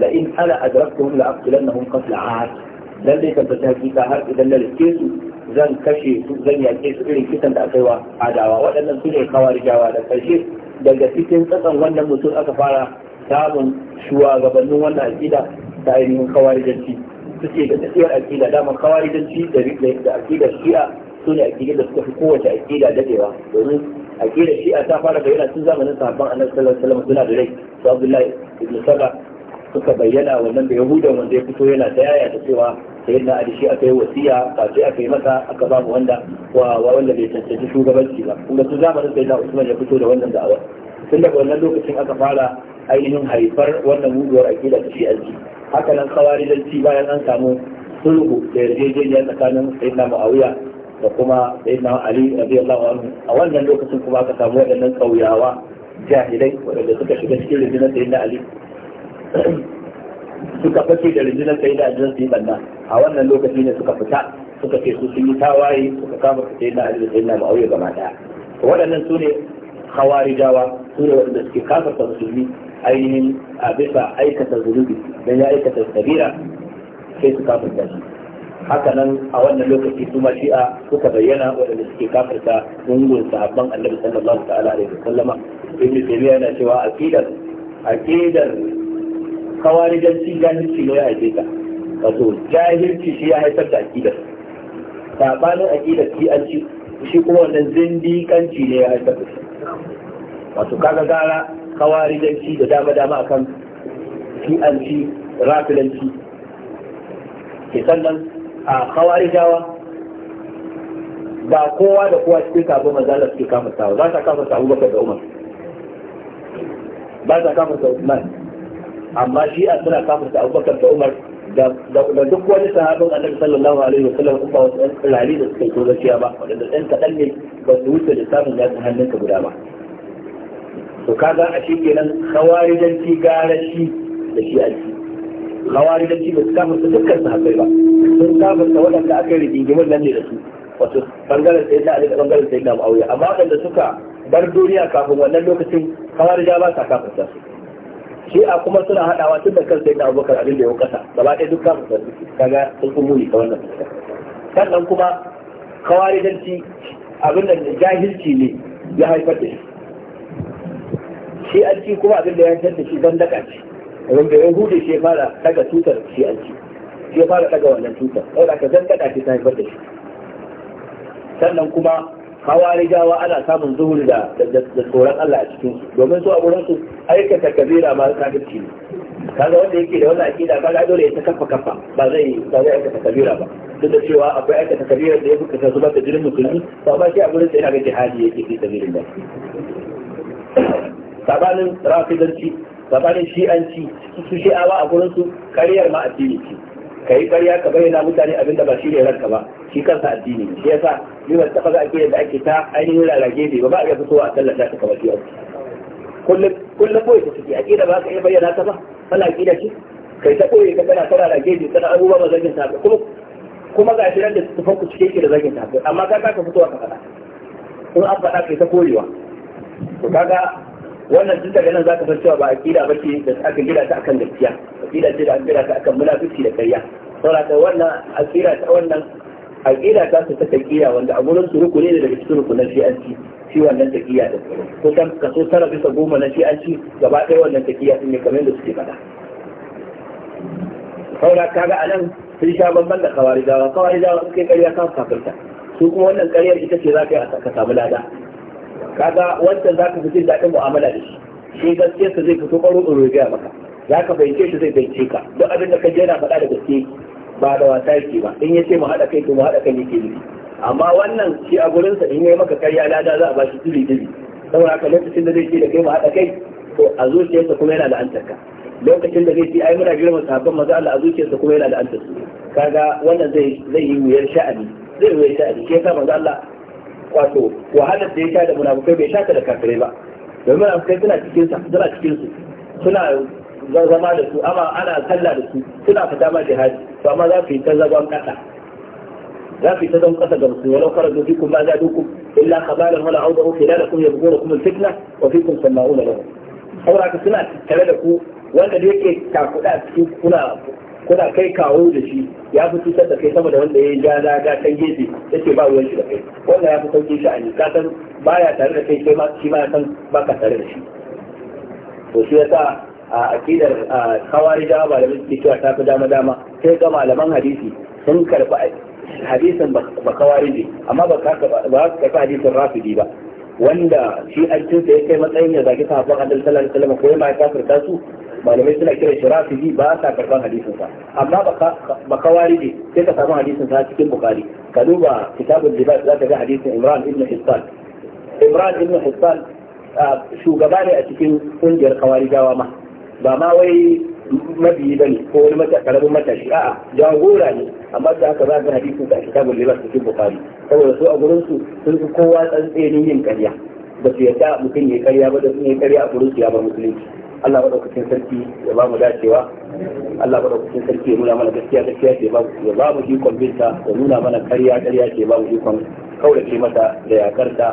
لئن أنا أدركتهم لأقتلنهم قتل عاد lalle kan ta hakika har idan na rike su zan kashe su zan yake su irin kitan da aka yi wa adawa waɗannan su ne kawarijawa da karshe daga cikin tsakan wannan mutum aka fara samun shugabannin wannan aƙida ta ainihin su suke da tafiyar aƙida dama kawarijanci da akida shi'a su ne akida da suka fi kowace akida dadewa domin akida shi'a ta fara bayyana tun zamanin sahabban annabi sallallahu alaihi wasallam suna da rai su abdullahi ibn saba suka bayyana wannan da yahudan wanda ya fito yana ta yaya da cewa sai na ali shi aka yi wasiya sai aka yi masa aka babu wanda wa wanda bai cancanci shugabanci ba kuma su zamanin sai na usman ya fito da wannan da'awar tun daga wannan lokacin aka fara ainihin haifar wannan muguwar aƙida ta shi'anci haka nan kawarijanci bayan an samu sulhu da yarjejeniya tsakanin sai na muawiya da kuma sayyidina ali radiyallahu anhu a wannan lokacin kuma aka samu waɗannan ƙauyawa jahilai waɗanda suka shiga cikin sai na ali suka fashe da rundunar sai da ajiyar sai banna a wannan lokaci ne suka fita suka ce su sun yi tawaye suka kama su sai da ajiyar sai na ma'auye gaba daya waɗannan su ne dawa su ne waɗanda suke kafarta musulmi ainihin a bisa aikata zunubi don ya aikata sabira sai su kafarta shi haka nan a wannan lokaci su shi'a suka bayyana waɗanda suke kafarta gungun sahabban annabi sallallahu ta'ala alaihi wa sallama ibn taymiya yana cewa aqidar aqidar kawarijanci jahilci ne ya haife ta wato jahilci shi ya haifar da akida sabanin an ci shi kuma wannan kanci ne ya haifar da shi wato kaga gara kawarijanci da dama dama akan ci rafilanci ke sannan a kawarijawa ba kowa da kowa cikin sabo manzala suke kama sawa ba sa kama sabu bakar da umar ba ta kama sabu amma shi a suna ta abubakar da umar da duk wani sahabin annabi sallallahu alaihi wasallam kuma wasu ɗan rari da suka yi tozaciya ba waɗanda ɗan kaɗan ne ba su wuce da samun yatsun hannunka guda ba to kaga a shi kenan hawarijanci gara shi da shi aiki hawarijanci ba su kafirta dukkan sahabbai ba sun ta waɗanda aka yi rigingimin nan ne da su wato bangaren sai da alika bangaren sai da ma'auya amma waɗanda suka bar duniya kafin wannan lokacin hawarija ba sa kafirta su shi'a kuma suna haɗawa tun da kansa yana abubakar abin da ya kasa gaba ɗaya duk kafin kaga sun fi muni ta wannan sannan kuma kawari ci abin da jahilci ne ya haifar da shi shi'anci kuma abin da ya haifar da shi zan daga ce abin da yahudi shi ya fara daga tutar shi'anci shi ya fara daga wannan tutar saboda ka zan daga ce ta haifar da shi sannan kuma hawarijawa ana samun zuhuri da tsoron Allah a cikin su domin su a wurin su aikata kabira ma kafirci ne kaga wanda yake da wannan akida kaga dole ya ta kafa kafa ba zai ba zai aikata kabira ba duk da cewa akwai aikata kabira da ya fi kasa zubar da jirin musulmi ba ba shi a wurin sa yana ga jihadi yake fi sabirin da sabanin rafidanci sabanin shi'anci su shi'awa a wurin su kariyar ma addini ce ka yi karya ka bayyana mutane abin da ba shi ne ranka ba shi kansa addini shi yasa liman ta faga ake da ake ta ainihin rarrage ne ba ba a iya fitowa a tallata ta kamar yau kullum kullum boye ta suke aƙida ba ka iya bayyana ta ba kana aƙida ce kai ta boye ka kana tara rarrage ne kana abubuwa ba zagin ta kuma kuma ga nan da tufan ku cike ke da zagin ta amma ka kasa fitowa ka faɗa in an faɗa kai ta korewa to kaga wannan duk daga nan zaka san cewa ba aƙida ba ce da aka gida ta akan gaskiya aƙida ce da aka gida ta akan munafiki da ƙarya saboda wannan aƙida ta wannan aqida ta su ta taqiya wanda a gurin su rukuni ne daga cikin rukunan shi'anci shi wannan taqiya da ko kan kaso tara bisa goma na shi'anci gaba ɗaya wannan sun yi kamar da suke faɗa saura kaga anan sun sha bamban da kawarijawa kawarijawa suke ƙarya kan kafirta su kuma wannan ƙaryar ita ce za ka yi ka samu lada kaga wancan za ka fi jin daɗin mu'amala da shi shi sa zai fito ƙwaro in rubiya maka za ka fahimce shi zai fahimce ka duk abin da ka jera faɗa da gaske ba da wasa yake ba in yace mu haɗa kai to mu haɗa kai yake ne amma wannan shi a gurinsa in yayi maka karya lada za a ba shi dili dili don haka lokacin da zai ce da kai mu haɗa kai to a zuciyarsa kuma yana da antaka. lokacin da zai ce ai muna girma sahabban maza Allah a zuciyarsa kuma yana da su kaga wannan zai zai yi wuyar sha'ani zai wuyar sha'ani shi yasa maza Allah wato wahalar da ya sha da munafukai bai sha ta da kafirai ba domin munafukai suna cikin sa suna cikin su suna zama da su amma ana sallah da su suna fita ma jihadi to amma za ku yi ta zagon kasa za ku yi ta zagon kasa ga musulmi walau kwara da kun ma za duku illa kabalan wani auda uku da kun yabu gora kuma fitna wa fikum da lahu saboda ka suna tare da ku wanda da yake takuda cikin kuna kuna kai kawo da shi ya fi cutar da kai sama da wanda ya yi ja na ga kan gefe ya ce ba ruwan shi da kai wanda ya fi sauƙi shi a ne ka san baya tare da kai kai ma shi ma san ba ka tare da shi to shi sa. a akidar kawari da ba da suke cewa ta fi dama dama sai ga malaman hadisi sun karɓi hadisin ba kawari ne amma ba ka karɓi hadisin rafidi ba wanda shi an cinta ya kai matsayin ya zaki sahabban annabi sallallahu alaihi wasallam ko ya ma kafirta su malamai suna kira shi rafidi ba sa karban hadisin sa amma ba kawari ne sai ka samu hadisin sa cikin bukari ka duba kitabun jihad za ka ga hadisin imran ibn hissan imran ibn hissan shugaba ne a cikin kungiyar kawari ma ba ma wai mabiyi ne ko wani mata karamin matashi a'a jagora ne amma da aka za ka a ka kitabul libas cikin bukhari saboda su a gurin su sun fi kowa tsantsenin yin karya ba su yadda mutum ya karya ba da sun yi karya a gurin su ya ba musulunci Allah daukacin sarki ya ba mu dacewa Allah daukacin sarki ya nuna mana gaskiya gaskiya ce ba ya ba mu ikon binta ya nuna mana karya karya ce ba mu ikon kaurace mata da yakarta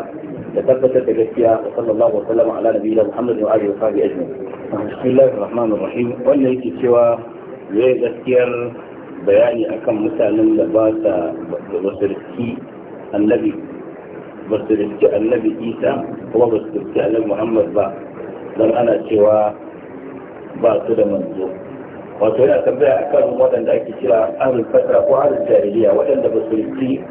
da tabbatar da gaskiya wa sallallahu wa sallam ala nabiyina Muhammadin wa alihi wa sahbihi ajma'in bismillahir rahmanir rahim wannan yake cewa ya gaskiyar bayani akan mutanen da ba ta basirki annabi basirki annabi isa kuma basirki annabi muhammad ba don ana cewa ba su da manzo wato yana tambaya akan waɗanda ake kira ahlul fasa ko ahlul jahiliya waɗanda basirki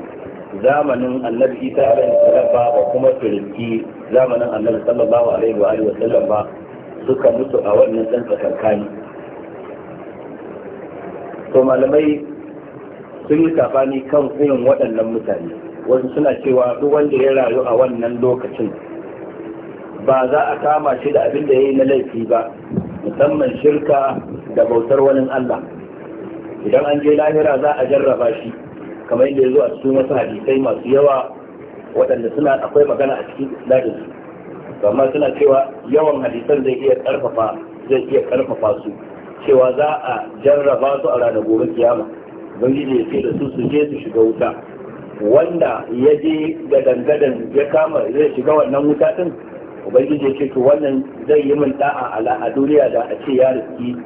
zamanin annabi isa alaihi salam ba kuma basirki zamanin annabi sallallahu alaihi wa alihi wa sallam ba suka mutu a wannan ɗan tsakankani to malamai sun yi safani kan irin waɗannan mutane wasu suna cewa duk wanda ya rayu a wannan lokacin ba za a kama shi da abin da ya yi na laifi ba musamman shirka da bautar wani Allah idan an je lahira za a jarraba shi kamar yadda ya zo a cikin wasu hadisai masu yawa waɗanda suna akwai magana a cikin amma suna cewa yawan hadisan zai iya karfafa zai iya karfafa su cewa za a jarraba su a ranar gobe kiyama ubangiji ya ce da su su je su shiga wuta wanda ya je ga dangadan ya kama zai shiga wannan wuta din ubangiji ya ce to wannan zai yi min da'a ala a duniya da a ce ya riski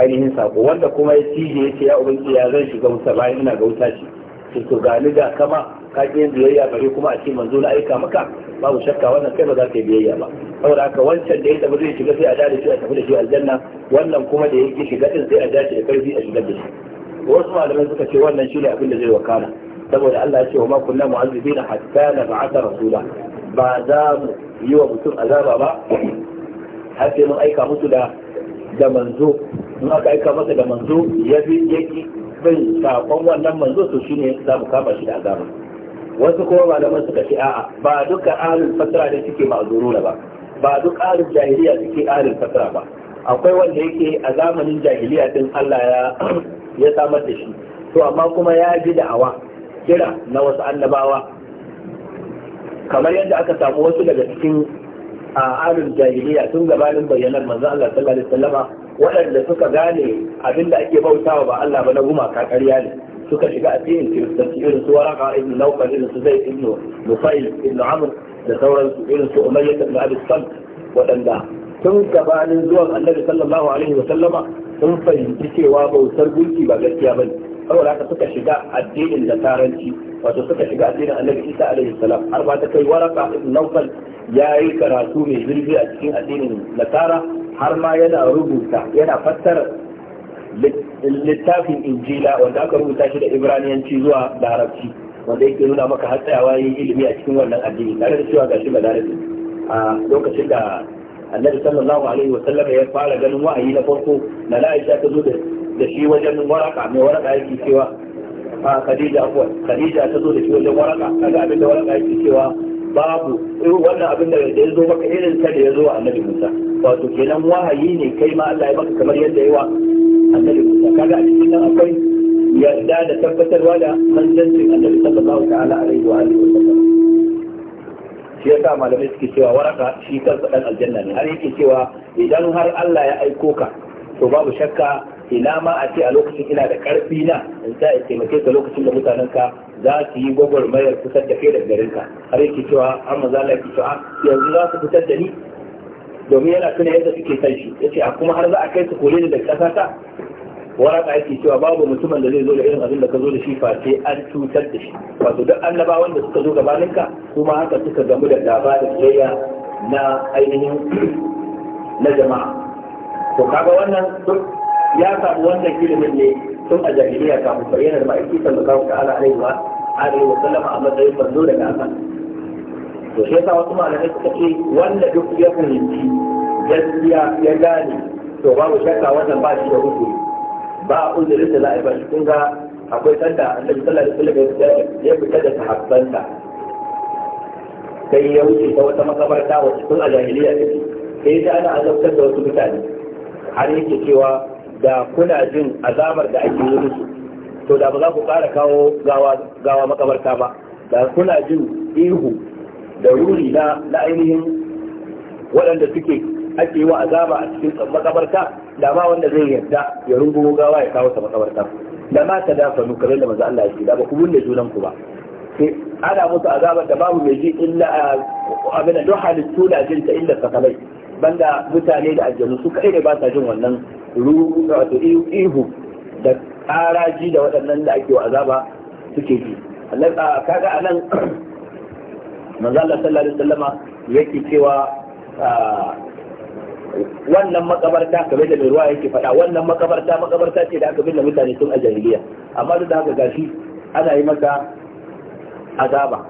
ainihin sako wanda kuma ya cije ya ce ya ubangiji ya zai shiga wuta bayan ina ga wuta ce ce to ga ni kama ka yin biyayya bare kuma a ce manzo na aika maka babu shakka wannan kai ba za ka yi biyayya ba saboda haka wancan da ya tafi zai shiga sai a da shi a tafi da shi aljanna wannan kuma da yake shiga din sai a dace da karfi a shigar da shi wasu malamai suka ce wannan shine abin da zai wakana saboda Allah ya ce wa ma kunna mu'azzibina hatta nab'atha rasula ba za mu yi wa mutum azaba ba har sai mun aika musu da da manzo in aka aika masa da manzo ya bi yaki bin sakon wannan manzo to shine za mu kama shi da azaba wasu kuma malaman suka ce a'a ba duka ahlul fatra da suke ma'zuruna ba ba duk ahlul jahiliya suke ahlul fatra ba akwai wanda yake a zamanin jahiliya din Allah ya (clears throat) ya samar da shi to amma kuma ya ji da'awa kira na wasu annabawa kamar yadda aka samu wasu daga cikin a ahlul jahiliya tun gabanin bayyanar manzo Allah sallallahu alaihi wasallama waɗanda suka gane abin da ake bautawa ba Allah ba na gumaka ƙarya ne suka shiga addinin kiristanci irin su waraka ibn nawfal irin su zaid ibn nufail ibn amr da sauransu irin su umayyah ibn abi salt waɗanda tun gabanin zuwan annabi sallallahu alaihi wa sallama sun fahimci cewa bautar gunki ba gaskiya bane saboda haka suka shiga addinin da taranci wato suka shiga addinin annabi isa alaihi salam har ba ta kai waraka ibn nawfal ya yi karatu mai zurfi a cikin addinin nasara har ma yana rubuta yana fassara littafin injila wanda aka rubuta shi da ibraniyanci zuwa larabci wanda yake nuna maka har tsayawa yin ilimi a cikin wannan addini tare da cewa ga shi balarabi a lokacin da annabi sallallahu alaihi wa sallam ya fara ganin wa'ayi na farko na la'aisha ta zo da shi wajen waraka mai waraka yake cewa a ah, khadija afwan khadija ta zo da shi wajen waraka kaga abin da waraka yake cewa babu wannan abin da ya zo maka irin sa da ya zo annabi Musa wato kenan wahayi ne kai ma Allah ya maka kamar yadda yawa annabi Musa kaga a cikin nan akwai yarda da tabbatarwa da manzancin annabi sallallahu ta'ala alaihi wa alihi wa sallam shi yasa malamai suke cewa waraka shi kansa dan aljanna ne har yake cewa idan har Allah ya aiko ka to babu shakka ina ma a ce a lokacin ina da karfi na in sa in taimake ka lokacin da mutanen ka za su yi gwagwarmayar kusan da kai da garin ka har yake cewa an maza la ki cewa yanzu za su fitar da ni domin yana tuna yadda suke san shi ya ce a kuma har za a kai su kore ne daga ƙasa ta waraka yake cewa babu mutumin da zai zo da irin abin da ka zo da shi face an cutar da shi wato duk annabawan da suka zo gabanin ka kuma haka suka gamu da gaba da tsayya na ainihin (clears throat) na jama'a to kaga wannan duk ya samu wannan ilimin ne tun a jahiliya kafin bayyanar ma'aiki sallallahu ta'ala alaihi wa alihi wa sallama a matsayin manzo da gasa. to shi yasa wasu malamai suka ce wanda duk ya fahimci gaskiya ya gane to babu shakka wannan ba shi da hukumi ba uzurin da za a yi ba shi kun ga akwai sanda annabi sallallahu alaihi wa sallam ya fita da sahabbanta sai ya wuce ta wata makabarta wacce tun a jahiliya take sai ya ana azabtar da wasu mutane har yake cewa da kuna jin azabar da ake yi musu to da ba za ku ƙara kawo gawa makabarta ba da kuna jin ihu da ruri na ainihin waɗanda suke ake yi wa azaba a cikin makabarta da ma wanda zai yarda ya rungumo gawa ya kawo ta makabarta da ma ta dafa nukarar da manzo Allah ya ce da ba ku bunne junan ku ba sai ana musu azabar da babu mai ji illa abin da duk halittu da ta illa sakalai banda mutane da aljanu su kai ne ba sa jin wannan wato ihu da karaji da waɗannan da ake azaba suke ji Allah kaga anan (clears throat) manzo Allah sallallahu alaihi wasallama yake cewa wannan makabarta kamar da mai ruwa yake faɗa wannan makabarta makabarta ce da aka binne mutane tun a jahiliya amma duk da haka gashi ana yi maka azaba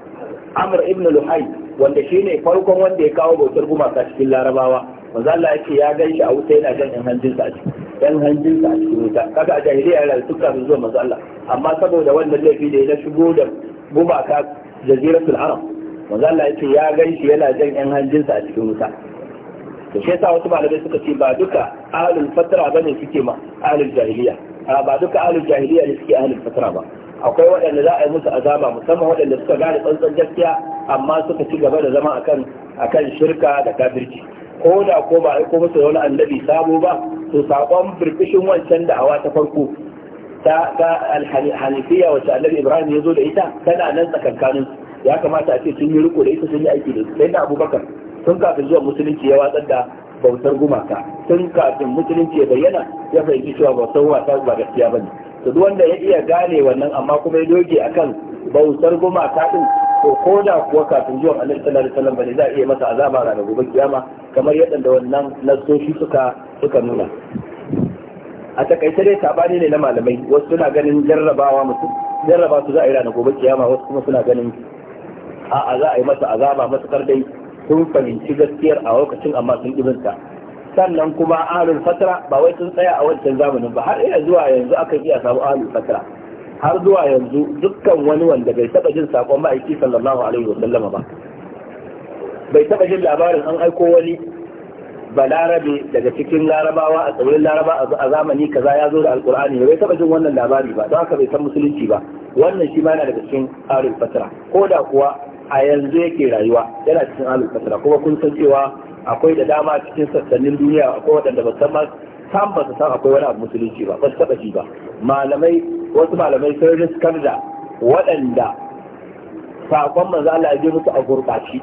Amr ibn Luhai wanda shi ne farkon wanda ya kawo bautar gumaka cikin larabawa manzo Allah ce ya ganshi a wuta yana jan yan hanjinsa a cikin wuta kaga a jahiliya ya da tukka zuwa manzo Allah amma saboda wannan laifi da ya shigo da gumaka jaziratul arab manzo Allah ce ya ganshi yana jan yan hanjinsa a cikin wuta to shi yasa wasu malamai suka ce ba duka ahlul fatra bane suke ma ahlul jahiliya ba duka ahlul jahiliya ne suke ahlul fatra ba akwai waɗanda za a yi musu azaba musamman waɗanda suka gane tsantsan gaskiya amma suka ci gaba da zama akan akan shirka da kafirci ko da ko ba aiko musu wani annabi sabo ba to sakon birkishin wancan awa ta farko ta ta alhanifiya wacce annabi ibrahim ya zo da ita tana nan tsakankanin ya kamata a ce sun yi riko da ita sun yi aiki da sai na abubakar sun kafin zuwa musulunci ya watsar da bautar gumaka sun kafin musulunci ya bayyana ya fahimci cewa bautar wasa ba gaskiya ba ne to duk wanda ya iya gane wannan amma kuma ya doge akan bautar gumaka din to ko da kuwa kafin zuwa annabi sallallahu alaihi wasallam bane za a iya masa azaba ranar gobe kiyama kamar yadda da wannan nasoshi suka suka nuna a takaice dai sabani ne na malamai wasu suna ganin jarrabawa mutum jarraba su za a yi ranar gobe kiyama wasu kuma suna ganin a'a za a yi masa azaba matukar dai sun fahimci gaskiyar a lokacin amma sun ibinta sannan kuma alul fatra ba wai sun tsaya a wancan zamanin ba har iya zuwa yanzu aka iya samu alul fatra har zuwa yanzu dukkan wani wanda bai taba jin sakon aiki sallallahu alaihi wasallam ba bai taba jin labarin an aiko wani balarabe daga cikin larabawa a tsibirin laraba a zamani kaza ya zo da alkur'ani bai taba jin wannan labari ba don haka bai san musulunci ba wannan shi ma yana daga cikin alul fatra ko da kuwa a yanzu yake rayuwa yana cikin alul fatra kuma kun san cewa akwai da dama a cikin sassanin duniya akwai waɗanda ba san san ba su san akwai wani abu musulunci ba ba su taɓa ji ba malamai wasu malamai sun riskar da waɗanda saƙon manzo Allah ya je musu a gurɓaci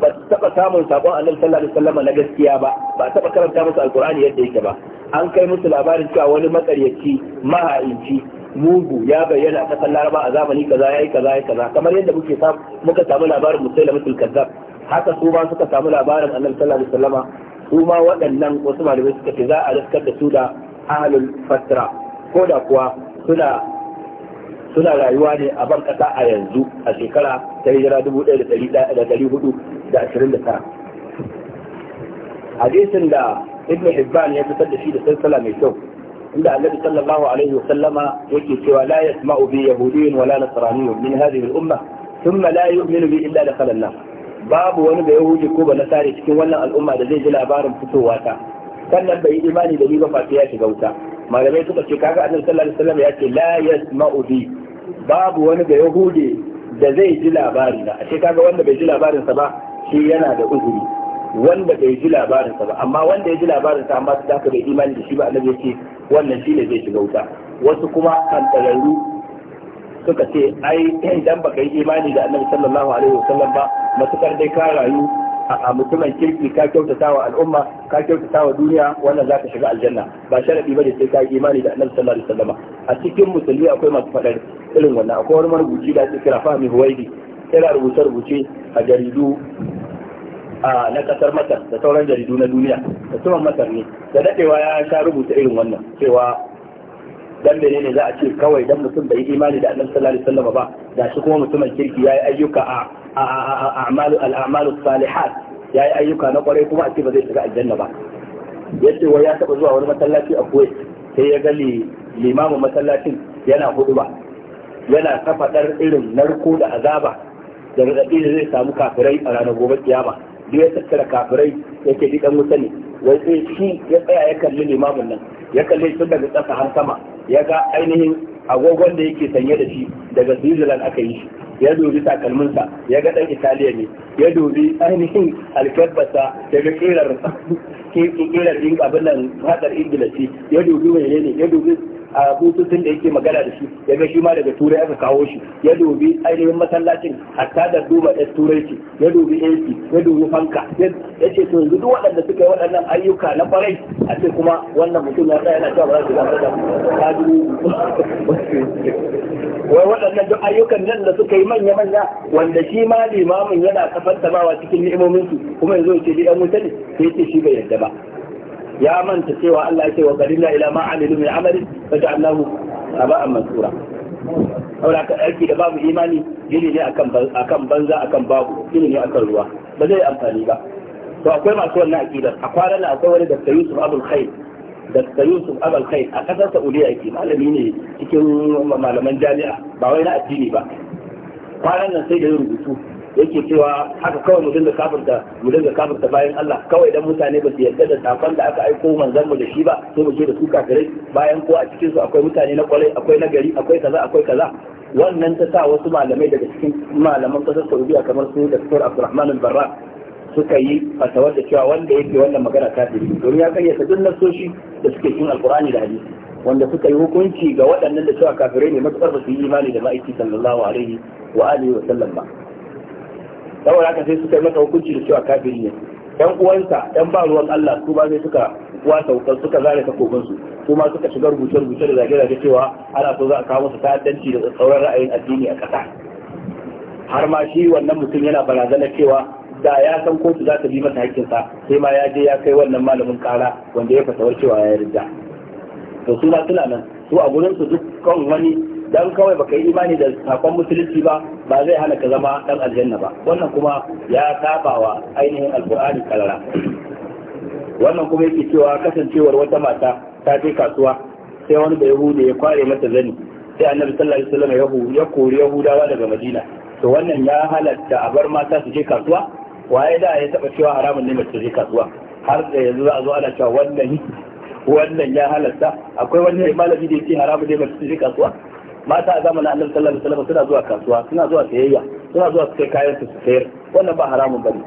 ba su taɓa samun sakon annabi sallallahu alaihi wasallam na gaskiya ba ba su taɓa karanta musu alƙur'ani yadda yake ba an kai musu labarin cewa wani matsaryaci mahaici mugu ya bayyana a kasar laraba a zamani kaza yayi kaza yayi kaza kamar yadda muke muka samu labarin mutul kazzab haka su ba suka samu labarin annabi sallallahu alaihi wasallama su ma waɗannan wasu malamai suka ce za a riskar da su da ahlul fatra ko da kuwa suna suna rayuwa ne a ban kasa a yanzu a shekara ta hijira 1429 hadisin da ibn hibban ya fitar da shi da silsila mai kyau inda annabi sallallahu alaihi wasallama yake cewa la yasma'u bi yahudiyyin wala nasraniyyin min hadhihi al-umma thumma la yu'minu bi illa dakhala an babu wani da yahudi ko ba sare cikin wannan al'umma da zai ji labarin fitowa ta sannan bai yi imani da ni ba fasiya ya shiga wuta malamai suka ce kaga annabi sallallahu alaihi wasallam ya ce la yasma'u bi babu wani da yahudi da zai ji labarin na ashe kaga wanda bai ji labarin sa ba shi yana da uzuri wanda bai ji labarin sa ba amma wanda ya ji labarin sa amma su da bai imani da shi ba annabi ya ce wannan shine zai shiga wuta wasu kuma kantararru suka ce ai idan baka yi imani da annabi sallallahu alaihi wasallam ba matukar dai ka rayu a mutumin kirki ka kyautata wa al'umma ka kyautata wa duniya wannan zaka shiga aljanna ba sharadi bane sai ka yi imani da annabi sallallahu alaihi wasallam a cikin musulmi akwai masu fadar irin wannan akwai wani marubuci da ake kira Fahmi Huwaidi yana rubuce rubuce a jaridu a na kasar Masar da sauran jaridu na duniya da mutumin Masar ne da dadewa ya sha rubuta irin wannan cewa dan menene za a ce kawai dan mutum bai imani da annabi sallallahu alaihi wasallam ba shi kuma mutumin kirki yayi ayyuka a a'malu al-a'malu salihat yayi ayyuka na kwarai kuma a ce ba zai shiga aljanna ba yace wai ya taba zuwa wani masallaci a Kuwait sai ya gani limamin masallacin yana hudu ba yana ta irin narko da azaba da raɗaɗi da zai samu kafirai a ranar gobe kiyama da ya tattara kafirai yake ji dan wuta ne wai shi ya tsaya ya kalli limamin nan ya kalli tun daga ƙasa har sama ya ga ainihin agogon da yake sanye da shi daga Switzerland aka yi shi ya dubi takalminsa ya ga ɗan Italiya ne ya dubi ainihin alkabbasa daga ga kirar kirar din abin nan hadar Ingila ce ya dubi wani ne ya dubi a bututun da yake magana da shi ya ga shi ma daga turai aka kawo shi ya dubi ainihin masallacin hatta da duba da turai ce ya dubi ac ya dubi fanka ya ce to yanzu duk waɗanda suka yi waɗannan ayyuka na farai a ce kuma wannan mutum ya tsaya yana cewa ba za su zama da (laughs) wai waɗannan duk ayyukan nan da suka yi manya-manya wanda shi ma limamin yana kafantamawa cikin ni'imominsu kuma yanzu ya ce dai yan wuta ne sai ce shi bai yadda ba ya manta cewa Allah yake wa qalila ila ma amilu min amali fa ja'alnahu haba'an mansura saboda ka aiki da babu imani gini ne akan akan banza akan babu gini ne akan ruwa ba zai amfani ba to akwai masu wannan akidar a kwanan akwai wani da Yusuf Abul Khair da Yusuf Abul Khair a kasar Saudiya yake malami ne cikin malaman jami'a ba wai na addini ba kwaran nan sai da yin rubutu yake cewa haka kawai mu dinga kafirta mu dinga kafirta bayan Allah kawai idan mutane ba su yarda da safan da aka aiko manzon mu da shi ba sai mu ce da su kafirai bayan ko a cikin su akwai mutane na kwalai akwai na gari akwai kaza akwai kaza wannan ta sa wasu malamai daga cikin malaman kasar Saudiya kamar su Dr. Abdulrahman Al-Barra suka yi fatawar da cewa wanda yake wannan magana kafiri domin ya kayyata duk nasoshi da suke cikin Alkur'ani da hadisi wanda suka yi hukunci ga waɗannan da cewa kafirai ne matuƙar ba su yi imani da ma'aiki sallallahu alaihi wa alihi wa sallam ba saboda haka sai suka masa hukunci da cewa kafiri ne yan uwansa dan ba ruwan Allah su ba sai suka wasa hukan suka zare ta kogon su kuma ma suka shiga rubuce rubuce da zage zage cewa ana so za a kawo musu ta'addanci da tsauran ra'ayin addini a ƙasa har ma shi wannan mutum yana barazana cewa da ya san kotu za ta bi masa hakkinsa sai ma ya je ya kai wannan malamin kara wanda ya fasawar cewa ya yarda to su ma suna nan su a gurin su dukkan wani dan kawai baka yi imani da sakon musulunci ba ba zai hana ka zama dan aljanna ba wannan kuma ya tabawa ainihin alqur'ani kalara wannan kuma yake cewa kasancewar wata mata ta je kasuwa sai wani da yahudi ya kware mata zani sai annabi sallallahu alaihi wasallam yahu ya kori yahudawa daga madina to wannan ya halatta a bar mata su je kasuwa waye da ya taba cewa haramun ne mace je kasuwa har da yanzu za a zo ana cewa wannan wannan ya halatta akwai wani malami da yake haramun ne mace je kasuwa mata a zamanin annabi sallallahu alaihi wasallam suna zuwa kasuwa suna zuwa sayayya suna zuwa su kai kayan su sayar wannan ba haramun bane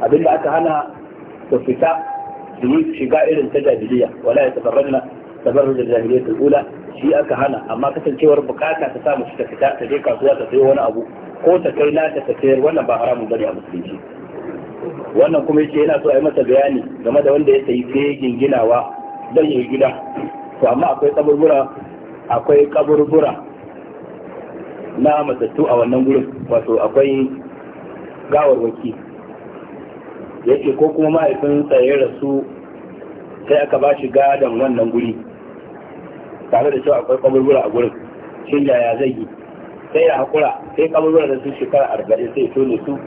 abinda aka hana su fita su yi shiga irin ta jahiliya wala ya tafarrajna tabarruj al-jahiliyyah al-ula shi aka hana amma kasancewar bukata ta samu ta fita ta je kasuwa ta sayo wani abu ko ta kai nata ta sayar wannan ba haramun bane a musulunci wannan kuma yake yana so a yi masa bayani game da wanda ya sayi sai ginginawa dan ya gida to amma akwai kaburbura akwai kaburbura na matattu a wannan gurin wato akwai gawar ya yake ko kuma mahaifin tsaye rasu sai aka ba shi gadon wannan guri tare da cewa akwai kaburbura a gurin shin yaya zai yi sai ya haƙura sai kaburbura da su shekara arba'in sai tone su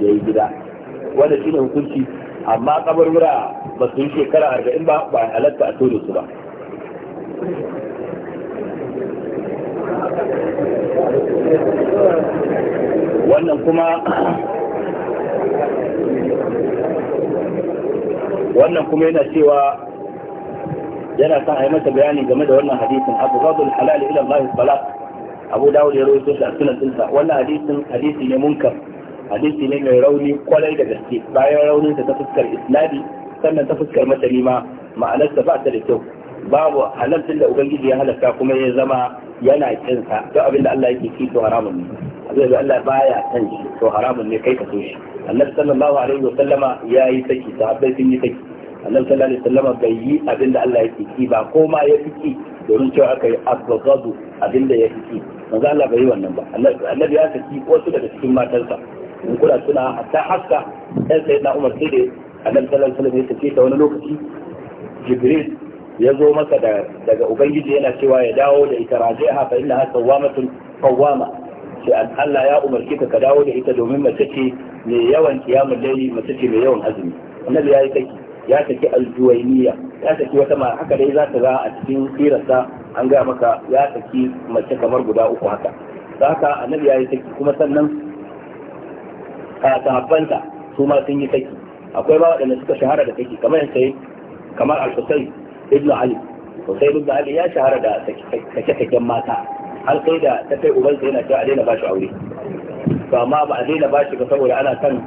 ya yi gida wanda shi ne hukunci amma kaburbura ba su yi shekara arba'in ba ba halatta a tone su ba wannan kuma wannan kuma yana cewa yana son a yi masa bayani game da wannan hadisin abu zabul halal ila Allah balak abu dawud ya rawaito shi a sunan dinsa wannan hadisin hadisi ne munkar hadisi ne mai rauni kwarai da gaske bayan raunin ta fuskar isnadi sannan ta fuskar matani ma ma'anarsa ba ta da kyau babu halalcin da ubangiji ya halatta kuma ya zama yana kin sa duk abin da Allah yake ki to haramun ne abin da Allah baya san shi to haramun ne kai ka so shi Annabi sallallahu alaihi wa sallama ya yi saki sahabbai sun yi saki allah sallallahu alaihi wa sallama bai yi abin da Allah yake ki ba ko ma ya fiki domin cewa aka yi abgadu abin da ya fiki manzo Allah bai yi wannan ba allah ya saki wasu daga cikin matarsa in kula suna ta haska sai sayyidina Umar sai da Annabi sallallahu alaihi wa sallam ya saki ta wani lokaci Jibril ya zo masa daga ubangiji yana cewa ya dawo da ita raji'a fa inna ha sawwamatun qawwama ce Allah ya umarci ka ka dawo da ita domin mace ce mai yawan kiyamul layli mace ce mai yawan azumi annabi ya yi kai ya saki aljuwainiya ya saki wata ma haka dai za ta ga a cikin sirarsa an ga maka ya saki mace kamar guda uku haka da haka annabi ya yi saki kuma sannan a sahabbansa su ma sun yi saki akwai ba waɗanda suka shahara da saki kamar yanzu kamar al-husayn ibn ali sai ibn ali ya shahara da sake-saken mata har sai da ta kai uban sai yana cewa a daina ba shi aure to amma ba a daina ba shi ba saboda ana son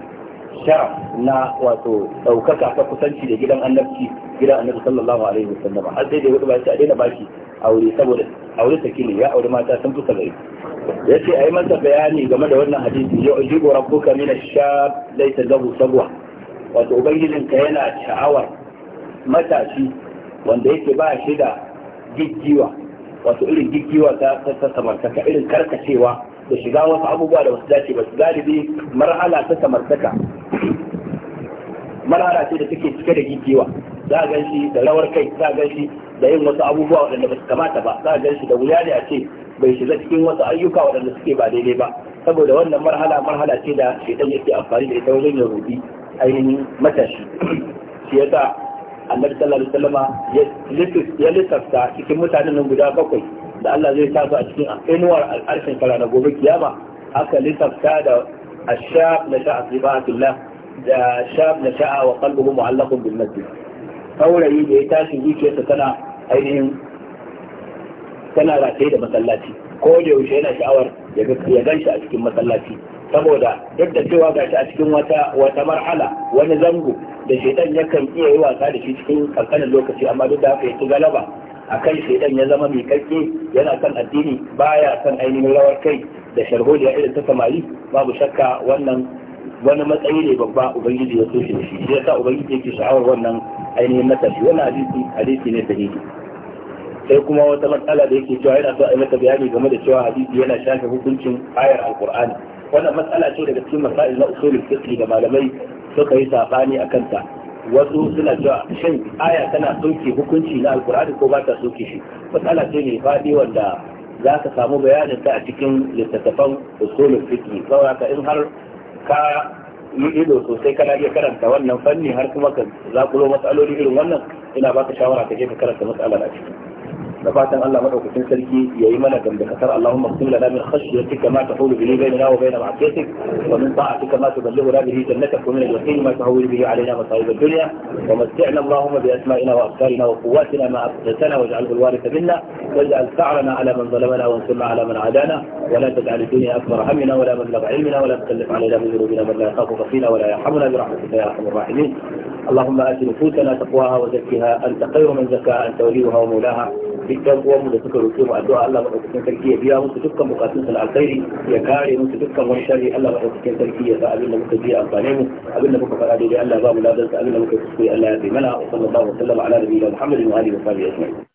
sharaf na wato daukaka ta kusanci da gidan annabci gidan annabi sallallahu alaihi wasallam har sai da wani ba shi a daina ba shi aure saboda aure sake ne ya aure mata sun fi gari yace ayi masa bayani game da wannan hadisi ya ujibu rabbuka min ash-shab laysa lahu sabwa wato ubangijinka yana sha'awar matashi wanda yake ba shi da giggiwa wato irin giggiwa ta ta samartaka irin karkacewa da shiga wasu abubuwa da wasu dace ba su galibi marhala ta samartaka marhala ce da take cike da giggiwa za a gan shi da rawar kai za a gan shi da yin wasu abubuwa waɗanda ba su kamata ba za a gan shi da wuya ne a ce bai shiga cikin wasu ayyuka waɗanda suke ba daidai ba saboda wannan marhala marhala ce da shaitan yake amfani da ita wajen ya rubi ainihin matashi shi yasa annabi sallallahu alaihi wasallam ya lissafta cikin mutanen nan guda bakwai da Allah zai sa a cikin inuwar al'arshin kara na gobe kiyama aka lissafta da ashab na sha'a sifatullah da shab na sha'a wa qalbuhu mu'allaqun bil masjid saurayi da ya tashi zuciyarsa tana ainihin tana rataye da masallaci ko da yaushe yana sha'awar ya gan shi a cikin masallaci saboda duk da cewa gashi a cikin wata wata marhala wani zango da shaitan yakan iya yi wasa da shi cikin kankanin lokaci amma duk da haka ya ci galaba a kan shaitan ya zama mai kakke yana kan addini baya kan ainihin rawar kai da sharholiya irin ta samari babu shakka wannan wani matsayi ne babba ubangiji ya so shi da shi shi yasa ubangiji yake sha'awar wannan ainihin matashi wannan hadisi hadisi ne sahihi sai kuma wata matsala da yake cewa yana so a yi mata bayani game da cewa hadisi yana shafe hukuncin ayar alkur'ani. wannan matsala ce daga cikin masail na usulul fiqh da malamai suka yi sabani akan ta wasu suna cewa shin aya tana soke hukunci na alkur'ani ko ba ta soke shi matsala ce mai faɗi wanda za ka samu bayanin ta a cikin littattafan usulul fiqh saboda ka in har ka yi ido sosai kana iya karanta wannan fanni har kuma ka zakulo matsaloli irin wannan ina baka shawara ka je ka karanta matsalar a da الله Allah madaukakin sarki yayi mana gamdakatar Allahumma qul lana min khashyatika ma tahulu bihi bainana wa bain ma'siyatik wa min ta'atika ma tuballighuna bihi jannatak wa min al علينا مصائب الدنيا ومتعنا اللهم بأسمائنا وأفكارنا وقواتنا ما أبقيتنا واجعله الوارث منا واجعل ثعرنا على من ظلمنا وانصرنا على من عادانا ولا تجعل الدنيا أكبر همنا ولا مبلغ علمنا ولا تكلف علينا من ذنوبنا من لا يخافك فينا ولا يرحمنا برحمتك يا أرحم الراحمين اللهم آت نفوسنا تقواها وزكها أنت خير من زكاها أنت وليها ومولاها بالتوب ومدتك الوصول وأدعاء الله وحسن تلكية بها وستدك مقاتل على الخير يا كاعي وستدك ومشاري الله وحسن تلكية فأبن لك الزياء الظالم أبن لك فقراد لألا باب لا دلت أبن لك تسوي ألا يبي ملا وصلى الله وسلم على نبينا محمد وآله وصحبه أجمعين